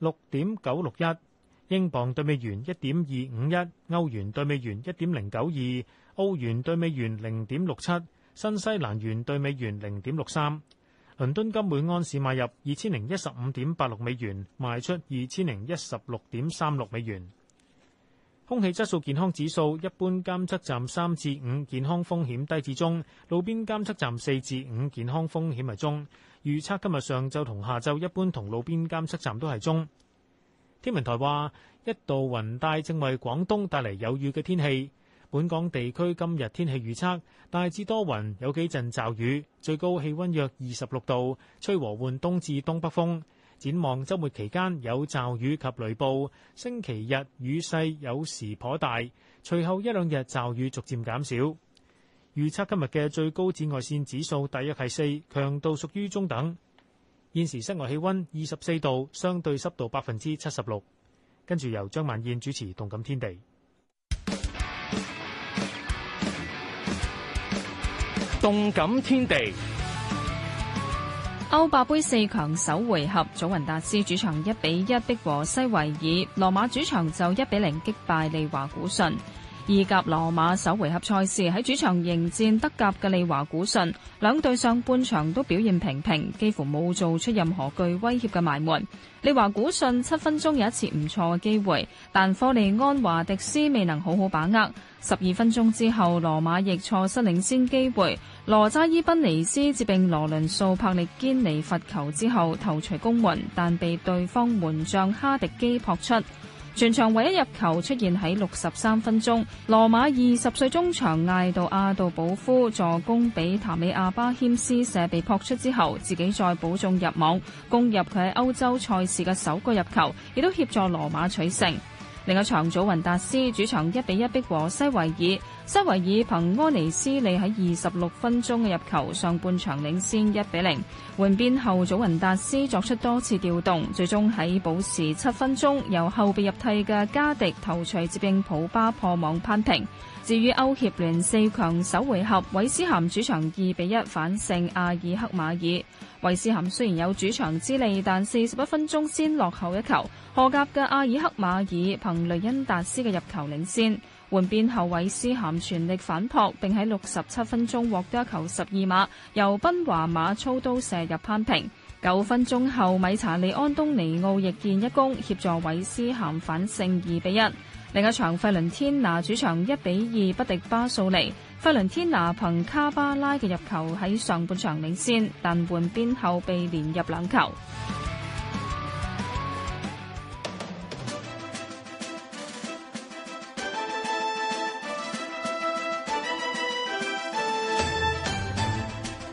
六點九六一，英鎊對美元，一點二五一歐元對美元，一點零九二澳元對美元，零點六七新西蘭元對美元零點六三。倫敦金每安士買入二千零一十五點八六美元，賣出二千零一十六點三六美元。空氣質素健康指數，一般監測站三至五，健康風險低至中；路邊監測站四至五，健康風險係中。預測今日上晝同下晝，一般同路邊監測站都係中。天文台話，一道雲帶正為廣東帶嚟有雨嘅天氣。本港地區今日天氣預測大致多雲，有幾陣驟雨，最高氣温約二十六度，吹和緩東至東北風。展望周末期間有驟雨及雷暴，星期日雨勢有時頗大，隨後一兩日驟雨逐漸減少。預測今日嘅最高紫外線指數大約係四，強度屬於中等。現時室外氣温二十四度，相對濕度百分之七十六。跟住由張萬燕主持《動感天地》。動感天地。歐霸盃四強首回合，祖雲達斯主場一比一逼和西維爾，羅馬主場就一比零擊敗利華古信。意甲羅馬首回合賽事喺主場迎戰德甲嘅利華古信，兩隊上半場都表現平平，幾乎冇做出任何具威脅嘅埋門。利華古信七分鐘有一次唔錯嘅機會，但科利安華迪斯未能好好把握。十二分鐘之後，羅馬亦錯失領先機會。羅扎伊賓尼斯接並羅倫素帕力堅尼罰球之後投出攻門，但被對方門將哈迪基撲出。全場唯一入球出現喺六十三分鐘，羅馬二十歲中場艾到阿杜保夫助攻俾塔米亞巴謙斯射被撲出之後，自己再補中入網，攻入佢喺歐洲賽事嘅首個入球，亦都協助羅馬取勝。另一場，祖雲達斯主場一比一逼和西維爾。西維爾憑安尼斯利喺二十六分鐘嘅入球，上半場領先一比零。換邊後，祖雲達斯作出多次調動，最終喺補時七分鐘，由後備入替嘅加迪頭槌接應普巴破網扳平。至於歐協聯四強首回合，韋斯咸主場二比一反勝阿爾克馬爾。韋斯咸雖然有主場之利，但四十一分鐘先落後一球。荷甲嘅阿爾克馬爾憑雷恩達斯嘅入球領先。換邊後，韋斯咸全力反撲，並喺六十七分鐘獲得一球十二碼，由賓華馬操刀射入攀平。九分鐘後米查利安東尼奧亦建一功協助韋斯咸反勝二比一。另一場，費倫天拿主場一比二不敵巴素尼。費倫天拿憑卡巴拉嘅入球喺上半場領先，但換邊後被連入兩球。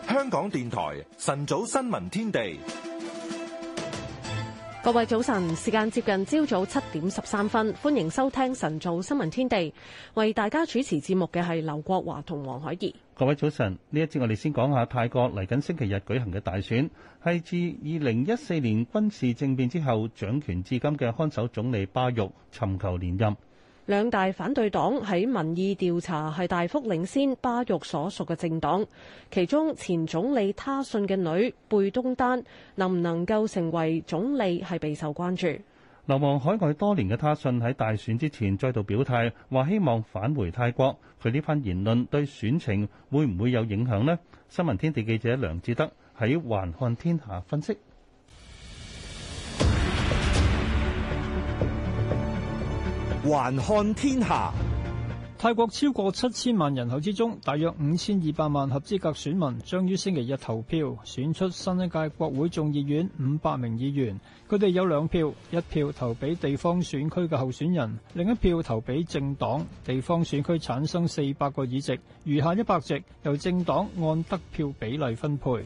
香港電台晨早新聞天地。各位早晨，時間接近朝早七點十三分，歡迎收聽晨早新聞天地。為大家主持節目嘅係劉國華同黃海燕。各位早晨，呢一節我哋先講下泰國嚟緊星期日舉行嘅大選，係自二零一四年軍事政變之後掌權至今嘅看守總理巴育尋求連任。兩大反對黨喺民意調查係大幅領先巴育所屬嘅政黨，其中前總理他信嘅女貝東丹能唔能夠成為總理係備受關注。流亡海外多年嘅他信喺大選之前再度表態，話希望返回泰國。佢呢番言論對選情會唔會有影響呢？新聞天地記者梁志德喺環看天下分析。還看天下，泰國超過七千萬人口之中，大約五千二百萬合資格選民將於星期日投票，選出新一屆國會眾議院五百名議員。佢哋有兩票，一票投俾地方選區嘅候選人，另一票投俾政黨。地方選區產生四百個議席，餘下一百席由政黨按得票比例分配。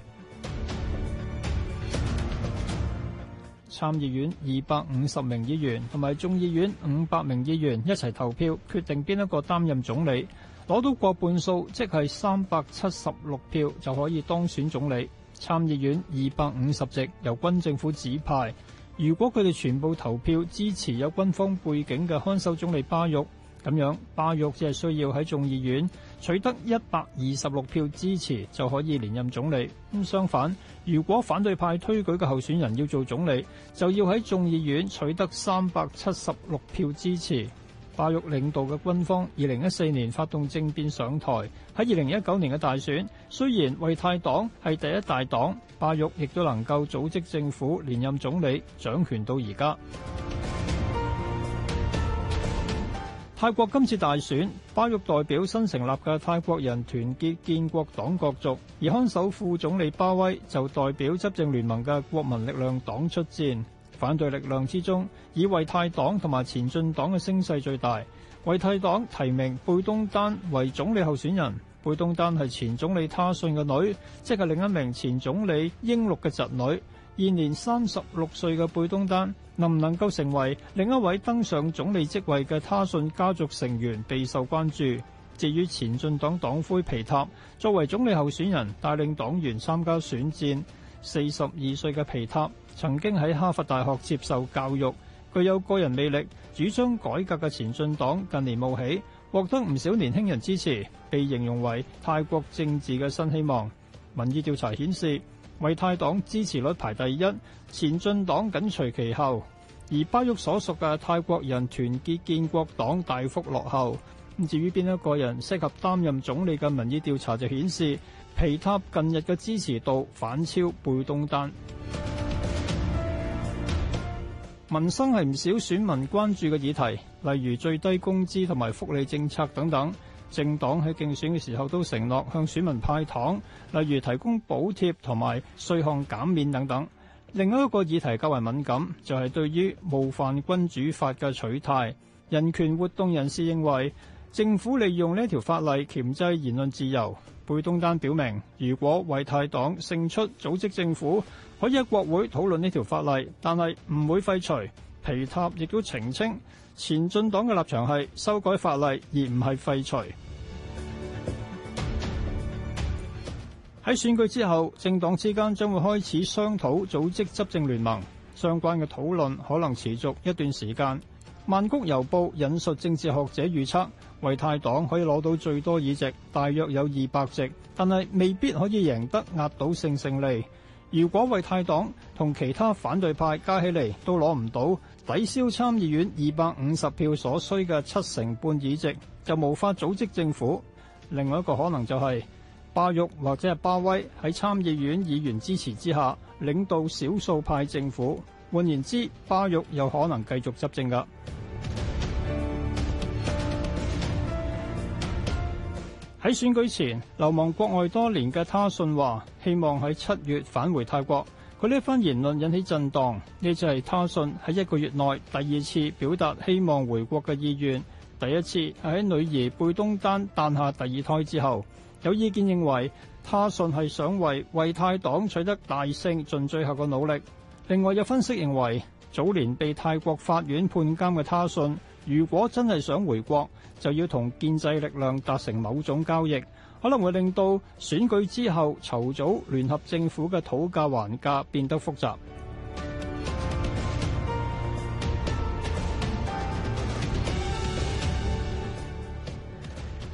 參議院二百五十名議員同埋眾議院五百名議員一齊投票決定，邊一個擔任總理，攞到過半數，即係三百七十六票就可以當選總理。參議院二百五十席由軍政府指派，如果佢哋全部投票支持有軍方背景嘅看守總理巴育，咁樣巴育只係需要喺眾議院。取得一百二十六票支持就可以連任總理。咁相反，如果反對派推舉嘅候選人要做總理，就要喺眾議院取得三百七十六票支持。巴育領導嘅軍方二零一四年發動政變上台，喺二零一九年嘅大選，雖然為泰黨係第一大黨，巴育亦都能夠組織政府連任總理，掌權到而家。泰國今次大選，巴育代表新成立嘅泰國人團結建國黨角逐。而看守副總理巴威就代表執政聯盟嘅國民力量黨出戰。反對力量之中，以為泰黨同埋前進黨嘅聲勢最大。為泰黨提名貝東丹為總理候選人，貝東丹係前總理他信嘅女，即係另一名前總理英祿嘅侄女。現年三十六歲嘅貝東丹能唔能夠成為另一位登上總理職位嘅他信家族成員備受關注。至於前進黨黨魁皮塔作為總理候選人帶領黨員參加選戰，四十二歲嘅皮塔曾經喺哈佛大學接受教育，具有個人魅力，主張改革嘅前進黨近年冒起，獲得唔少年輕人支持，被形容為泰國政治嘅新希望。民意調查顯示，為泰黨支持率排第一，前進黨緊隨其後，而巴玉所屬嘅泰國人團結建國黨大幅落後。至於邊一個人適合擔任總理嘅民意調查就顯示，皮塔近日嘅支持度反超貝東丹。民生係唔少選民關注嘅議題，例如最低工資同埋福利政策等等。政黨喺競選嘅時候都承諾向選民派糖，例如提供補貼同埋稅項減免等等。另一個議題較為敏感，就係、是、對於冒犯君主法嘅取締。人權活動人士認為政府利用呢條法例鉗制言論自由。貝東丹表明，如果為泰黨勝出組織政府，可以喺國會討論呢條法例，但係唔會廢除。皮塔亦都澄清，前進黨嘅立場係修改法例，而唔係廢除。喺選舉之後，政黨之間將會開始商討組織執政聯盟，相關嘅討論可能持續一段時間。曼谷郵報引述政治學者預測，為泰黨可以攞到最多議席，大約有二百席，但係未必可以贏得壓倒性勝利。如果為泰黨同其他反對派加起嚟都攞唔到。抵消參議院二百五十票所需嘅七成半議席，就無法組織政府。另外一個可能就係巴育或者係巴威喺參議院議員支持之下，領導少數派政府。換言之，巴育有可能繼續執政㗎。喺選舉前流亡國外多年嘅他信話，希望喺七月返回泰國。佢呢番言論引起震盪，呢就係他信喺一個月內第二次表達希望回國嘅意願，第一次係喺女兒貝東丹誕下第二胎之後。有意見認為，他信係想為為泰黨取得大勝盡最後嘅努力。另外有分析認為，早年被泰國法院判監嘅他信，如果真係想回國，就要同建制力量達成某種交易。可能會令到選舉之後籌組聯合政府嘅討價還價變得複雜。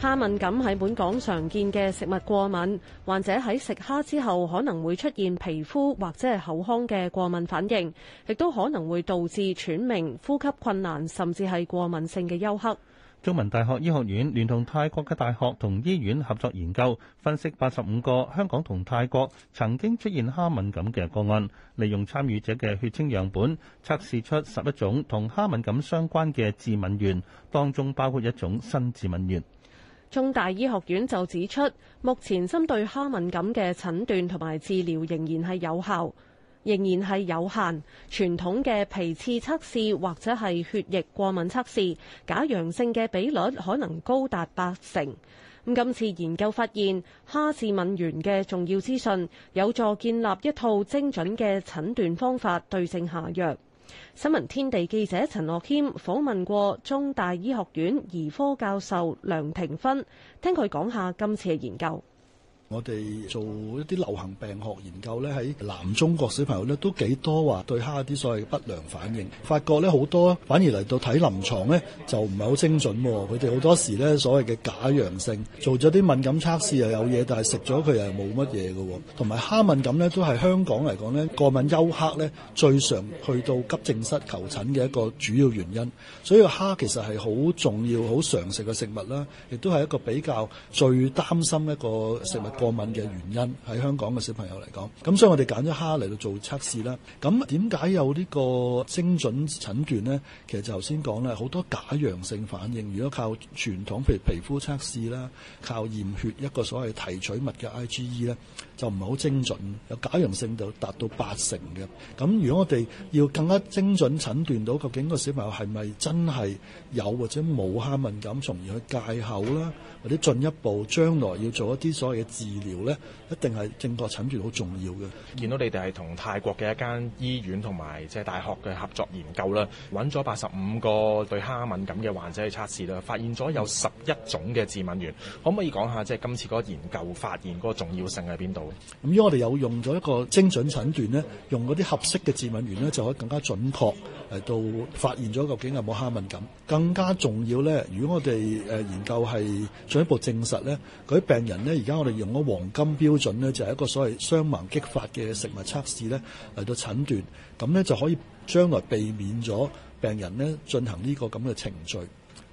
蝦敏感喺本港常見嘅食物過敏，患者喺食蝦之後可能會出現皮膚或者係口腔嘅過敏反應，亦都可能會導致喘鳴、呼吸困難，甚至係過敏性嘅休克。中文大學醫學院聯同泰國嘅大學同醫院合作研究，分析八十五個香港同泰國曾經出現蝦敏感嘅個案，利用參與者嘅血清樣本，測試出十一種同蝦敏感相關嘅致敏原，當中包括一種新致敏原。中大醫學院就指出，目前針對蝦敏感嘅診斷同埋治療仍然係有效。仍然係有限，傳統嘅皮刺測試或者係血液過敏測試，假陽性嘅比率可能高達八成。咁今次研究發現，蝦致敏原嘅重要資訊，有助建立一套精準嘅診斷方法，對症下藥。新聞天地記者陳樂謙訪問過中大醫學院兒科教授梁庭芬，聽佢講下今次嘅研究。我哋做一啲流行病學研究咧，喺南中國小朋友咧都幾多話對蝦啲所謂嘅不良反應，發覺咧好多反而嚟到睇臨床咧就唔係好精準，佢哋好多時咧所謂嘅假陽性，做咗啲敏感測試又有嘢，但係食咗佢又冇乜嘢噶同埋蝦敏感咧都係香港嚟講咧過敏休克咧最常去到急症室求診嘅一個主要原因，所以蝦其實係好重要、好常食嘅食物啦，亦都係一個比較最擔心一個食物。過敏嘅原因喺香港嘅小朋友嚟講，咁所以我哋揀咗蝦嚟到做測試啦。咁點解有呢個精準診斷呢？其實就頭先講咧，好多假陽性反應。如果靠傳統，譬如皮膚測試啦，靠驗血一個所謂提取物嘅 IgE 呢，就唔係好精準，有假陽性就達到八成嘅。咁如果我哋要更加精準診斷到究竟個小朋友係咪真係有或者冇蝦敏感，從而去戒口啦。或者進一步將來要做一啲所謂嘅治療咧，一定係正確診斷好重要嘅。見到你哋係同泰國嘅一間醫院同埋即係大學嘅合作研究啦，揾咗八十五個對蝦敏感嘅患者去測試啦，發現咗有十一種嘅致敏原，可唔可以講下即係今次嗰個研究發現嗰個重要性喺邊度？咁因為我哋有用咗一個精準診斷咧，用嗰啲合適嘅致敏原咧，就可以更加準確嚟到發現咗究竟有冇蝦敏感。更加重要咧，如果我哋誒研究係。進一步證實咧，嗰啲病人咧，而家我哋用咗黃金標準咧，就係一個所謂雙盲激發嘅食物測試咧，嚟到診斷，咁咧就可以將來避免咗病人咧進行呢個咁嘅程序。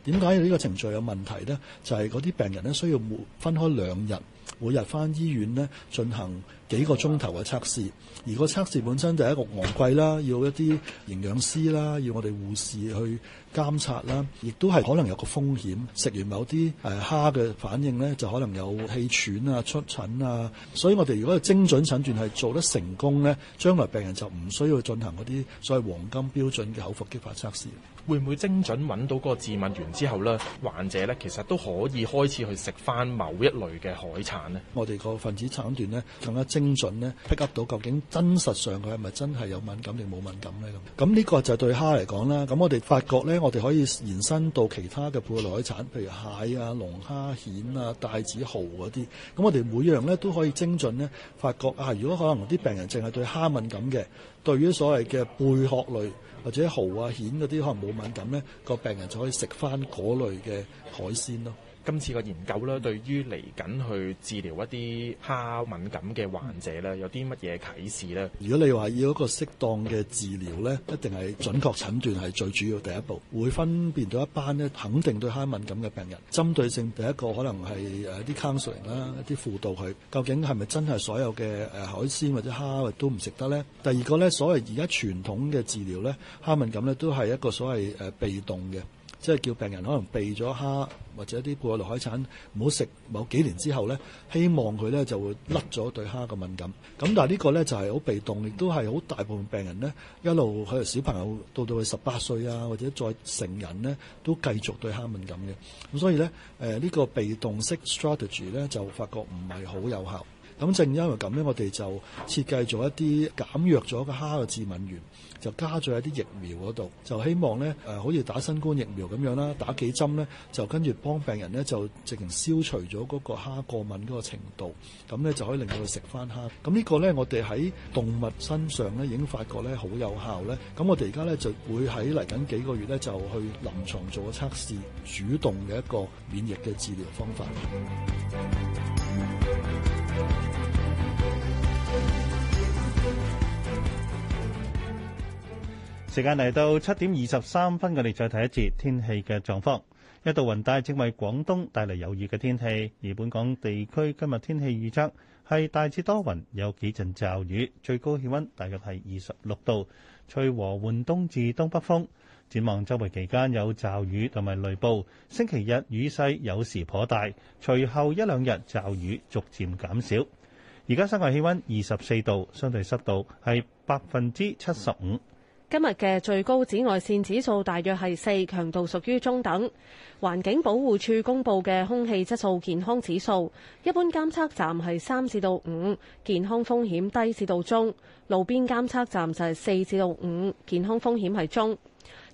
點解呢個程序有問題呢？就係嗰啲病人咧需要分開兩日。每日翻醫院咧進行幾個鐘頭嘅測試，而個測試本身就係一個昂貴啦，要一啲營養師啦，要我哋護士去監察啦，亦都係可能有個風險。食完某啲誒蝦嘅反應呢，就可能有氣喘啊、出疹啊。所以我哋如果精準診斷係做得成功呢，將來病人就唔需要進行嗰啲所謂黃金標準嘅口服激發測試。會唔會精準揾到嗰個致敏源之後呢？患者呢，其實都可以開始去食翻某一類嘅海產呢。我哋個分子診斷呢，更加精準呢，pick up 到究竟真實上佢係咪真係有敏感定冇敏感呢？咁。咁呢個就對蝦嚟講啦。咁我哋發覺呢，我哋可以延伸到其他嘅貝類海產，譬如蟹啊、龍蝦、蜆啊、帶子、蠔嗰啲。咁我哋每樣呢，都可以精準呢發覺啊。如果可能啲病人淨係對蝦敏感嘅，對於所謂嘅貝殼類。或者蠔啊、蜆嗰啲可能冇敏感咧，個病人就可以食翻嗰類嘅海鮮咯。今次個研究咧，對於嚟緊去治療一啲蝦敏感嘅患者咧，有啲乜嘢啟示呢？如果你話要一個適當嘅治療呢，一定係準確診斷係最主要第一步，會分辨到一班呢肯定對蝦敏感嘅病人，針對性第一個可能係誒啲 counselling 啦，一啲輔導佢究竟係咪真係所有嘅誒海鮮或者蝦都唔食得呢？第二個呢，所謂而家傳統嘅治療呢，蝦敏感呢都係一個所謂誒被動嘅。即係叫病人可能避咗蝦或者啲貝類海產，唔好食。某幾年之後呢，希望佢呢就會甩咗對蝦嘅敏感。咁但係呢個呢，就係、是、好被動，亦都係好大部分病人呢，一路去小朋友到到佢十八歲啊，或者再成人呢，都繼續對蝦敏感嘅。咁所以呢，呢、呃呢個被動式 strategy 呢，就發覺唔係好有效。咁正因為咁呢，我哋就設計咗一啲減弱咗個蝦嘅致敏源。就加咗一啲疫苗嗰度，就希望咧誒、呃、好似打新冠疫苗咁樣啦，打幾針咧，就跟住幫病人咧就直情消除咗嗰個蝦過敏嗰個程度，咁咧就可以令到佢食翻蝦。咁呢個咧，我哋喺動物身上咧已經發覺咧好有效咧。咁我哋而家咧就會喺嚟緊幾個月咧就去臨床做個測試，主動嘅一個免疫嘅治療方法。時間嚟到七點二十三分，我哋再睇一節天氣嘅狀況。一道雲帶正為廣東帶嚟有雨嘅天氣，而本港地區今日天氣預測係大致多雲，有幾陣驟雨，最高氣温大約係二十六度。吹和緩東至東北風。展望周圍期間有驟雨同埋雷暴，星期日雨勢有時頗大，隨後一兩日驟雨逐漸減,減少。而家室外氣温二十四度，相對濕度係百分之七十五。今日嘅最高紫外線指數大約係四，強度屬於中等。環境保護署公布嘅空氣質素健康指數，一般監測站係三至到五，健康風險低至到中；路邊監測站就係四至到五，健康風險係中。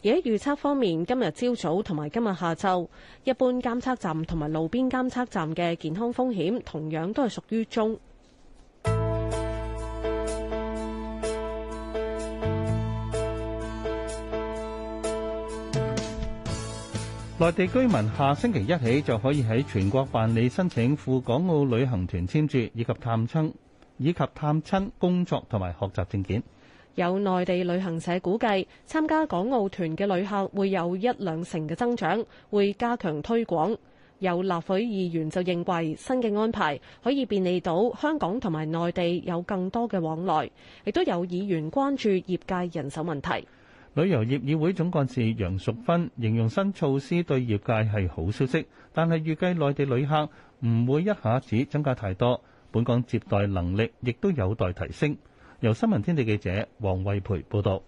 而喺預測方面，今日朝早同埋今日下晝，一般監測站同埋路邊監測站嘅健康風險同樣都係屬於中。內地居民下星期一起就可以喺全國辦理申請赴港澳旅行團簽注，以及探親、以及探親工作同埋學習證件。有內地旅行社估計，參加港澳團嘅旅客會有一兩成嘅增長，會加強推廣。有立法議員就認為新嘅安排可以便利到香港同埋內地有更多嘅往來，亦都有議員關注業界人手問題。旅遊業議會總幹事楊淑芬形容新措施對業界係好消息，但係預計內地旅客唔會一下子增加太多，本港接待能力亦都有待提升。由新聞天地記者黃慧培報道。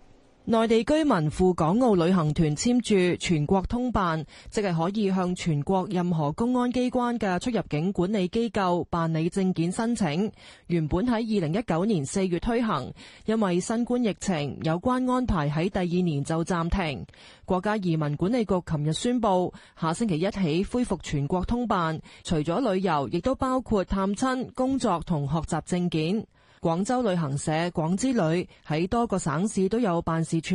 內地居民赴港澳旅行團簽注全國通辦，即係可以向全國任何公安機關嘅出入境管理機構辦理證件申請。原本喺二零一九年四月推行，因為新冠疫情，有關安排喺第二年就暫停。國家移民管理局琴日宣布，下星期一起恢復全國通辦，除咗旅遊，亦都包括探親、工作同學習證件。廣州旅行社廣之旅喺多個省市都有辦事處。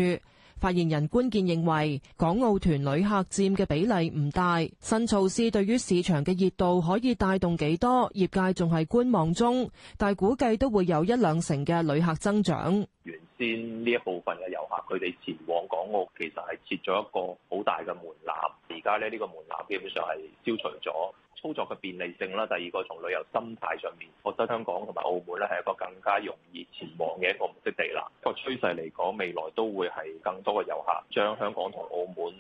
發言人關鍵認為，港澳團旅客占嘅比例唔大，新措施對於市場嘅熱度可以帶動幾多？業界仲係觀望中，但估計都會有一兩成嘅旅客增長。原先呢一部分嘅遊客佢哋前往港澳，其實係設咗一個好大嘅門檻，而家咧呢個門檻基本上係消除咗。工作嘅便利性啦，第二個從旅遊心態上面，覺得香港同埋澳門咧係一個更加容易前往嘅一個目的地啦。個趨勢嚟講，未來都會係更多嘅遊客將香港同澳門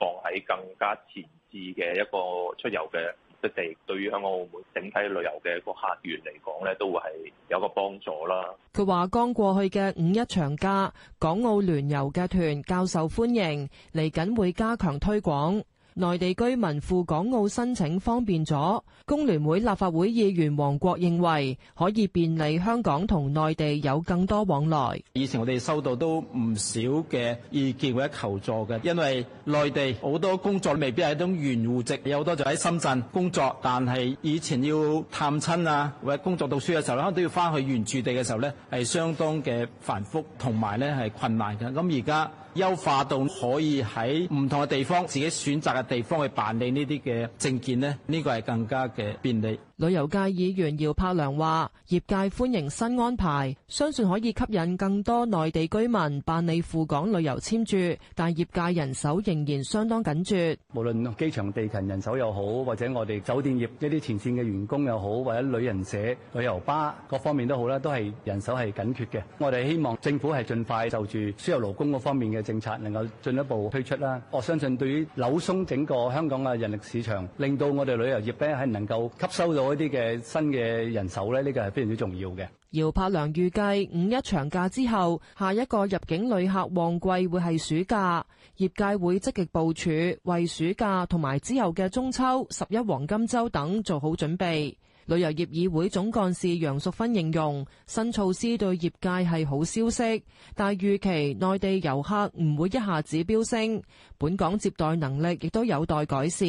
放喺更加前置嘅一個出遊嘅目的地，對於香港澳門整體旅遊嘅一個客源嚟講咧，都會係有個幫助啦。佢話剛過去嘅五一長假，港澳聯遊嘅團較受歡迎，嚟緊會加強推廣。內地居民赴港澳申請方便咗，工聯會立法會議員黃國認為可以便利香港同內地有更多往來。以前我哋收到都唔少嘅意見或者求助嘅，因為內地好多工作未必係一種原戶籍，有好多就喺深圳工作，但係以前要探親啊，或者工作讀書嘅時候，可能都要翻去原住地嘅時候，呢係相當嘅繁複，同埋呢係困難嘅。咁而家。優化到可以喺唔同嘅地方自己選擇嘅地方去辦理呢啲嘅證件咧，呢個係更加嘅便利。旅遊界議員姚柏良話，業界歡迎新安排，相信可以吸引更多內地居民辦理赴港旅遊簽注，但業界人手仍然相當緊缺。無論機場地勤人手又好，或者我哋酒店業一啲前線嘅員工又好，或者旅行社、旅遊巴各方面都好啦，都係人手係緊缺嘅。我哋希望政府係盡快就住輸入勞工嗰方面嘅政策，能夠進一步推出啦。我相信對於扭鬆整個香港嘅人力市場，令到我哋旅遊業咧係能夠吸收到。啲嘅新嘅人手呢，呢、呢個係非常之重要嘅。姚柏良預計五一長假之後，下一個入境旅客旺季會係暑假，業界會積極部署，為暑假同埋之後嘅中秋、十一黃金周等做好準備。旅遊業議會總幹事楊淑芬形容新措施對業界係好消息，但係預期內地遊客唔會一下子飆升，本港接待能力亦都有待改善。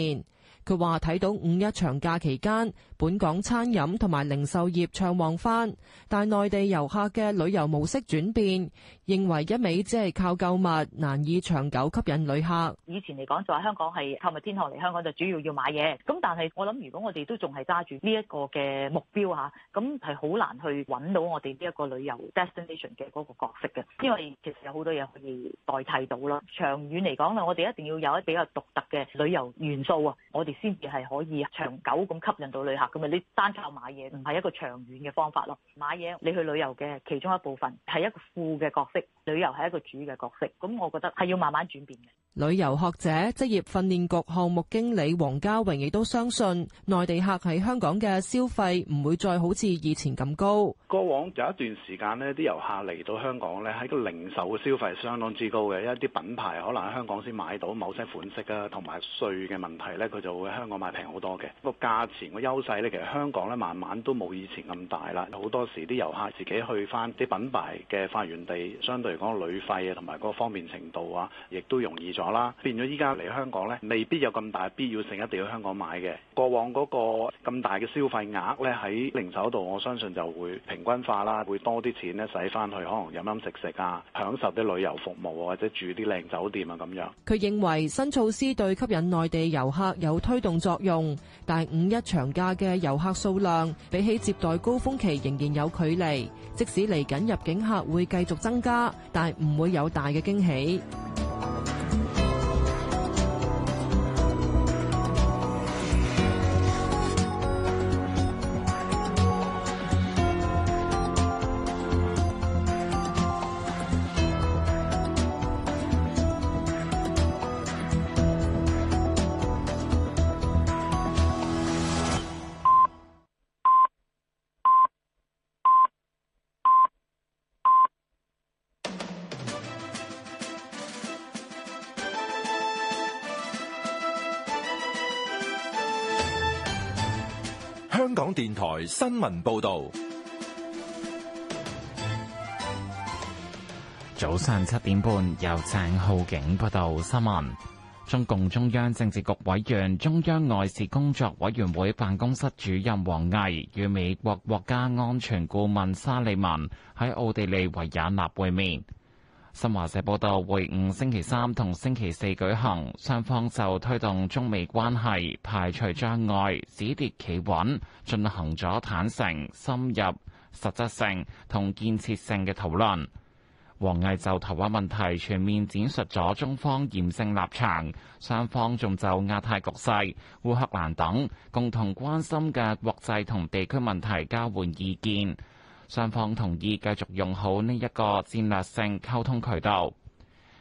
佢話睇到五一長假期間，本港餐飲同埋零售業暢旺翻，但係內地遊客嘅旅遊模式轉變，認為一味即係靠購物，難以長久吸引旅客。以前嚟講就話香港係購物天堂嚟，香港就主要要買嘢。咁但係我諗，如果我哋都仲係揸住呢一個嘅目標吓，咁係好難去揾到我哋呢一個旅遊 destination 嘅嗰個角色嘅，因為其實有好多嘢可以代替到啦。長遠嚟講啦，我哋一定要有一比較獨特嘅旅遊元素啊，我。先至係可以長久咁吸引到旅客咁嘛。你單靠買嘢唔係一個長遠嘅方法咯。買嘢你去旅遊嘅其中一部分係一個副嘅角色，旅遊係一個主嘅角色。咁我覺得係要慢慢轉變嘅。旅遊學者、職業訓練局項目經理黃家榮亦都相信，內地客喺香港嘅消費唔會再好似以前咁高。過往有一段時間咧，啲遊客嚟到香港咧，喺個零售嘅消費係相當之高嘅，一啲品牌可能喺香港先買到某些款式啊，同埋稅嘅問題咧，佢就。會香港買平好多嘅，個價錢個優勢呢，其實香港呢慢慢都冇以前咁大啦。好多時啲遊客自己去翻啲品牌嘅發源地，相對嚟講旅費啊，同埋嗰個方便程度啊，亦都容易咗啦。變咗依家嚟香港呢，未必有咁大必要性一定要香港買嘅。過往嗰個咁大嘅消費額呢，喺零售度，我相信就會平均化啦，會多啲錢呢使翻去，可能飲飲食食啊，享受啲旅遊服務啊，或者住啲靚酒店啊咁樣。佢認為新措施對吸引內地遊客有。推動作用，但五一長假嘅遊客數量比起接待高峰期仍然有距離。即使嚟緊入境客會繼續增加，但唔會有大嘅驚喜。新聞報道，早上七點半由鄭浩景報道新聞。中共中央政治局委員、中央外事工作委員會辦公室主任王毅與美國國家安全顧問沙利文喺奧地利維也納會面。新華社報道，會晤星期三同星期四舉行，雙方就推動中美關係排除障礙、止跌企穩進行咗坦誠、深入、實質性同建設性嘅討論。王毅就台灣問題全面展述咗中方嚴正立場，雙方仲就亞太局勢、烏克蘭等共同關心嘅國際同地區問題交換意見。雙方同意繼續用好呢一個戰略性溝通渠道。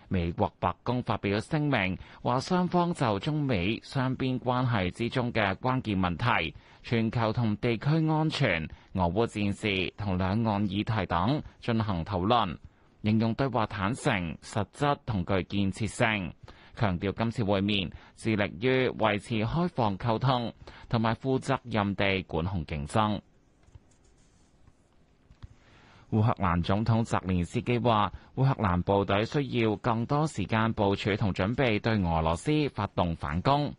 美國白宮發表聲明，話雙方就中美雙邊關係之中嘅關鍵問題、全球同地區安全、俄烏戰事同兩岸議題等進行討論，形容對話坦誠、實質同具建設性，強調今次會面致力於維持開放溝通同埋負責任地管控競爭。烏克蘭總統澤連斯基話烏克蘭部隊需要更多時間部署同準備對俄羅斯發動反攻。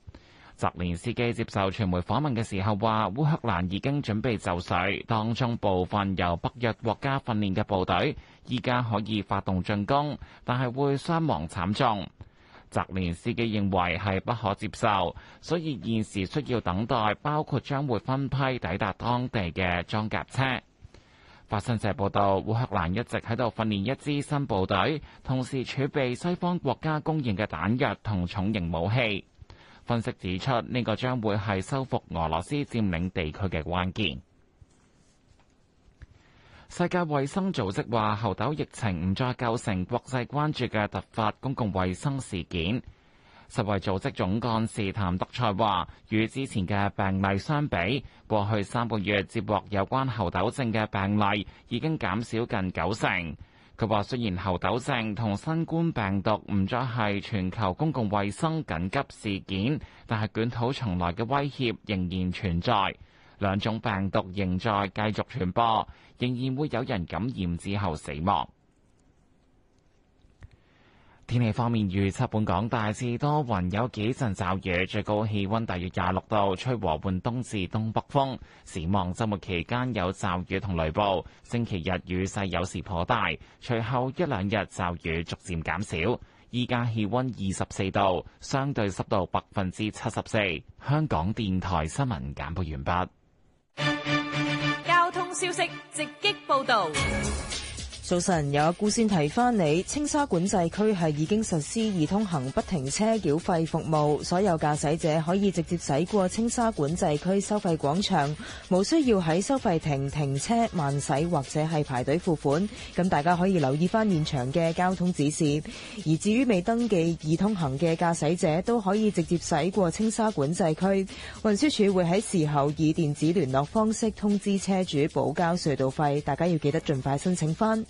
澤連斯基接受傳媒訪問嘅時候話，烏克蘭已經準備就緒，當中部分由北約國家訓練嘅部隊依家可以發動進攻，但係會傷亡慘重。澤連斯基認為係不可接受，所以現時需要等待，包括將會分批抵達當地嘅裝甲車。法新社報道，烏克蘭一直喺度訓練一支新部隊，同時儲備西方國家供應嘅彈藥同重型武器。分析指出，呢個將會係收復俄羅斯佔領地區嘅關鍵。世界衛生組織話，猴痘疫情唔再構成國際關注嘅突發公共衛生事件。世衛組織總幹事譚德塞話，與之前嘅病例相比，過去三個月接獲有關猴痘症嘅病例已經減少近九成。佢話，雖然猴痘症同新冠病毒唔再係全球公共衛生緊急事件，但係捲土重來嘅威脅仍然存在，兩種病毒仍在繼續傳播，仍然會有人感染之後死亡。天氣方面，預測本港大致多雲，有幾陣驟雨，最高氣温大約廿六度，吹和緩東至東北風。展望周末期間有驟雨同雷暴，星期日雨勢有時頗大，隨後一兩日驟雨逐漸減少。依家氣温二十四度，相對濕度百分之七十四。香港電台新聞簡報完畢。交通消息直擊報道。早晨，有故先提翻你，青沙管制區係已經實施易通行不停車繳費服務，所有駕駛者可以直接駛過青沙管制區收費廣場，無需要喺收費亭停車慢駛或者係排隊付款。咁大家可以留意翻現場嘅交通指示。而至於未登記易通行嘅駕駛者，都可以直接駛過青沙管制區。運輸署會喺事後以電子聯絡方式通知車主補交隧道費，大家要記得盡快申請翻。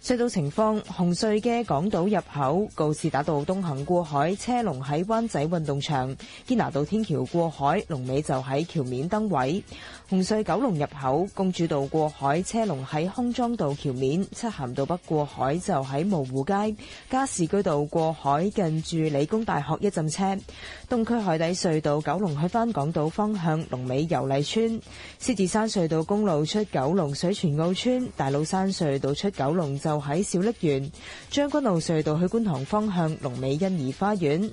隧道情況，紅隧嘅港島入口告士打道東行過海車龍喺灣仔運動場堅拿道天橋過海龍尾就喺橋面燈位。紅隧九龍入口公主道過海車龍喺康莊道橋面，漆咸道北過海就喺蕪湖街，加士居道過海近住理工大學一陣車，東區海底隧道九龍去翻港島方向龍尾油麗村，獅子山隧道公路出九龍水泉澳村，大老山隧道出九龍就喺小瀝源，將軍澳隧道去觀塘方向龍尾欣怡花園。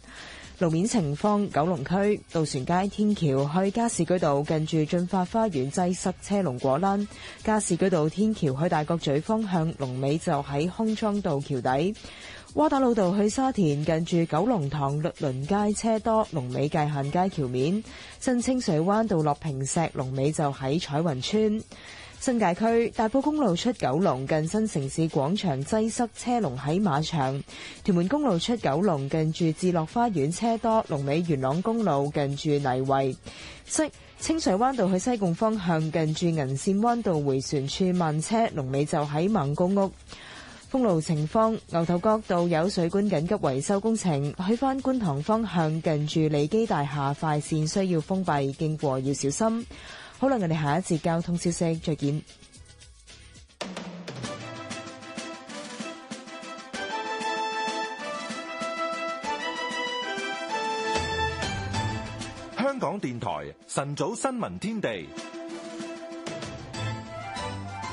路面情況，九龍區渡船街天橋去加士居道近住進發花園擠塞車龍果欄，加士居道天橋去大角咀方向龍尾就喺康莊道橋底，窩打老道去沙田近住九龍塘律倫街車多，龍尾界限街橋面，新清水灣道落坪石龍尾就喺彩雲村。新界區大埔公路出九龍近新城市廣場擠塞車龍喺馬場，屯門公路出九龍近住智樂花園車多，龍尾元朗公路近住泥圍。即清水灣道去西貢方向近住銀線灣道回旋處慢車，龍尾就喺孟公屋。封路情況，牛頭角道有水管緊急維修工程，去返觀塘方向近住利基大廈快線需要封閉，經過要小心。好啦，我哋下一節交通消息再見。香港電台晨早新聞天地，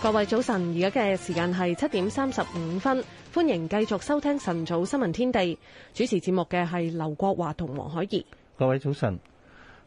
各位早晨，而家嘅時間係七點三十五分，歡迎繼續收聽晨早新聞天地。主持節目嘅係劉國華同黃海怡。各位早晨。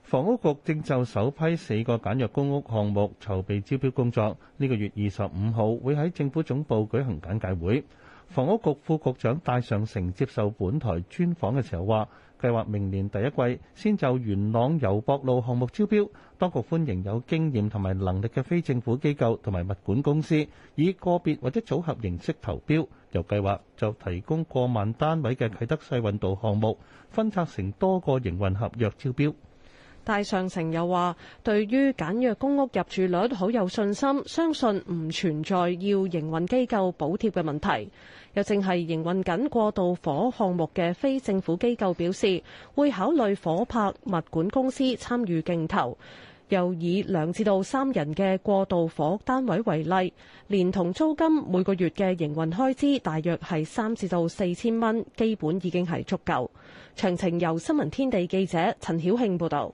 房屋局正就首批四個簡約公屋項目籌備招標工作，呢個月二十五號會喺政府總部舉行簡介會。房屋局副局長戴尚成接受本台專訪嘅時候話，計劃明年第一季先就元朗油博路項目招標。當局歡迎有經驗同埋能力嘅非政府機構同埋物管公司以個別或者組合形式投標。又計劃就提供過萬單位嘅啟德世運道項目分拆成多個營運合約招標。大上城又話，對於簡約公屋入住率好有信心，相信唔存在要營運機構補貼嘅問題。又正係營運緊過渡火項目嘅非政府機構表示，會考慮夥拍物管公司參與競投。又以兩至到三人嘅過渡火單位為例，連同租金每個月嘅營運開支，大約係三至到四千蚊，基本已經係足夠。詳情由新聞天地記者陳曉慶報導。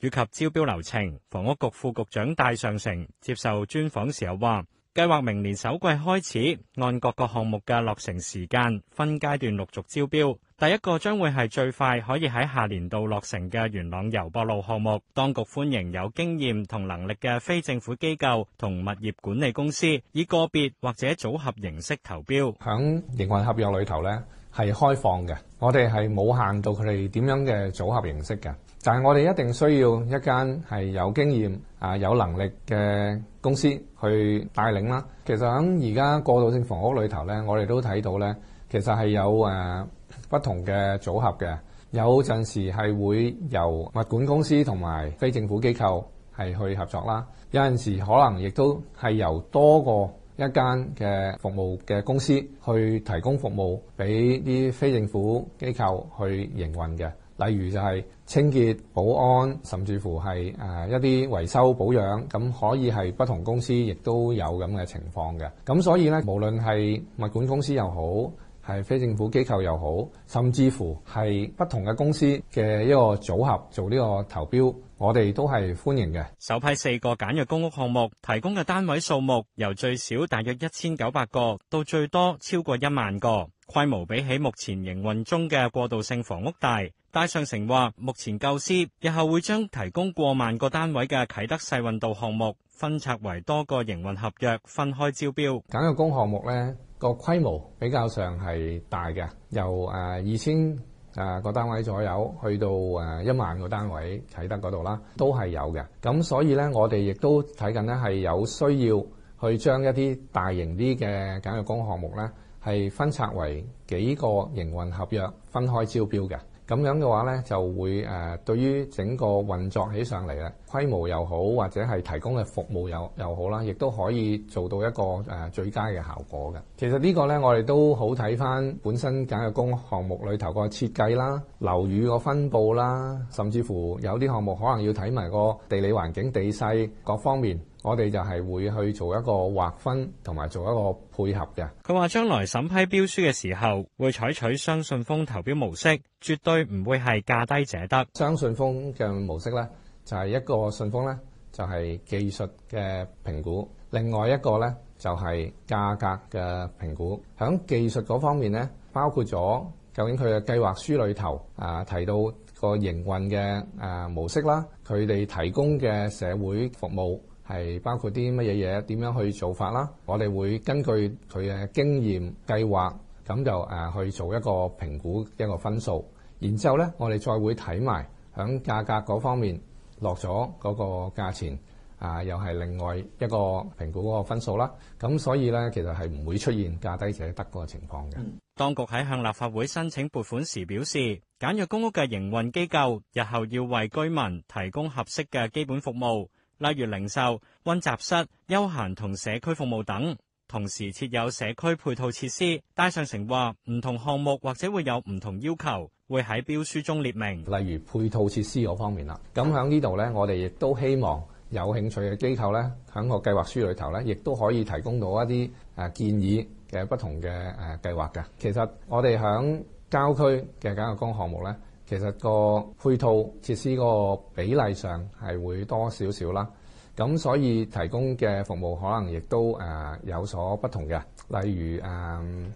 以及招標流程，房屋局副局長戴尚成接受專訪時又話，計劃明年首季開始按各個項目嘅落成時間分階段陸續招標。第一個將會係最快可以喺下年度落成嘅元朗油博路項目。當局歡迎有經驗同能力嘅非政府機構同物業管理公司以個別或者組合形式投標。響營運合約裏頭咧係開放嘅，我哋係冇限到佢哋點樣嘅組合形式嘅。但係我哋一定需要一間係有經驗、啊有能力嘅公司去帶領啦。其實喺而家過渡性房屋裏頭咧，我哋都睇到咧，其實係有誒不同嘅組合嘅。有陣時係會由物管公司同埋非政府機構係去合作啦。有陣時可能亦都係由多過一間嘅服務嘅公司去提供服務，俾啲非政府機構去營運嘅。例如就係清潔、保安，甚至乎係誒一啲維修保養，咁可以係不同公司亦都有咁嘅情況嘅。咁所以呢，無論係物管公司又好，係非政府機構又好，甚至乎係不同嘅公司嘅一個組合做呢個投標，我哋都係歡迎嘅。首批四個簡約公屋項目提供嘅單位數目，由最少大約一千九百個到最多超過一萬個，規模比起目前營運中嘅過渡性房屋大。戴尚成話：目前構思日後會將提供過萬個單位嘅啟德世運道項目分拆為多個營運合約，分開招標。簡約公項目呢個規模比較上係大嘅，由誒二千誒個單位左右去到誒一萬個單位啟德嗰度啦，都係有嘅。咁所以呢，我哋亦都睇緊呢係有需要去將一啲大型啲嘅簡約公項目呢係分拆為幾個營運合約，分開招標嘅。咁樣嘅話呢，就會對於整個運作起上嚟咧，規模又好，或者係提供嘅服務又又好啦，亦都可以做到一個最佳嘅效果嘅。其實呢個呢，我哋都好睇返本身簡約公項目裏頭個設計啦、樓宇個分佈啦，甚至乎有啲項目可能要睇埋個地理環境、地勢各方面。我哋就係會去做一個劃分，同埋做一個配合嘅。佢話：將來審批標書嘅時候，會採取雙信封投標模式，絕對唔會係價低者得。雙信封嘅模式咧，就係一個信封咧，就係技術嘅評估；另外一個咧，就係價格嘅評估。響技術嗰方面咧，包括咗究竟佢嘅計劃書裏頭啊，提到個營運嘅誒模式啦，佢哋提供嘅社會服務。係包括啲乜嘢嘢，點樣去做法啦？我哋會根據佢嘅經驗計劃，咁就誒去做一個評估一個分數，然之後呢，我哋再會睇埋響價格嗰方面落咗嗰個價錢啊，又係另外一個評估嗰個分數啦。咁所以呢，其實係唔會出現價低者得嗰個情況嘅。當局喺向立法會申請撥款時表示，簡約公屋嘅營運機構日後要為居民提供合適嘅基本服務。例如零售、溫習室、休閒同社區服務等，同時設有社區配套設施。戴上城話：唔同項目或者會有唔同要求，會喺標書中列明。例如配套設施嗰方面啦，咁喺呢度咧，我哋亦都希望有興趣嘅機構咧，喺個計劃書裏頭咧，亦都可以提供到一啲建議嘅不同嘅誒計劃嘅。其實我哋喺郊區嘅簡約工項目咧。其實個配套設施個比例上係會多少少啦，咁所以提供嘅服務可能亦都誒有所不同嘅。例如誒，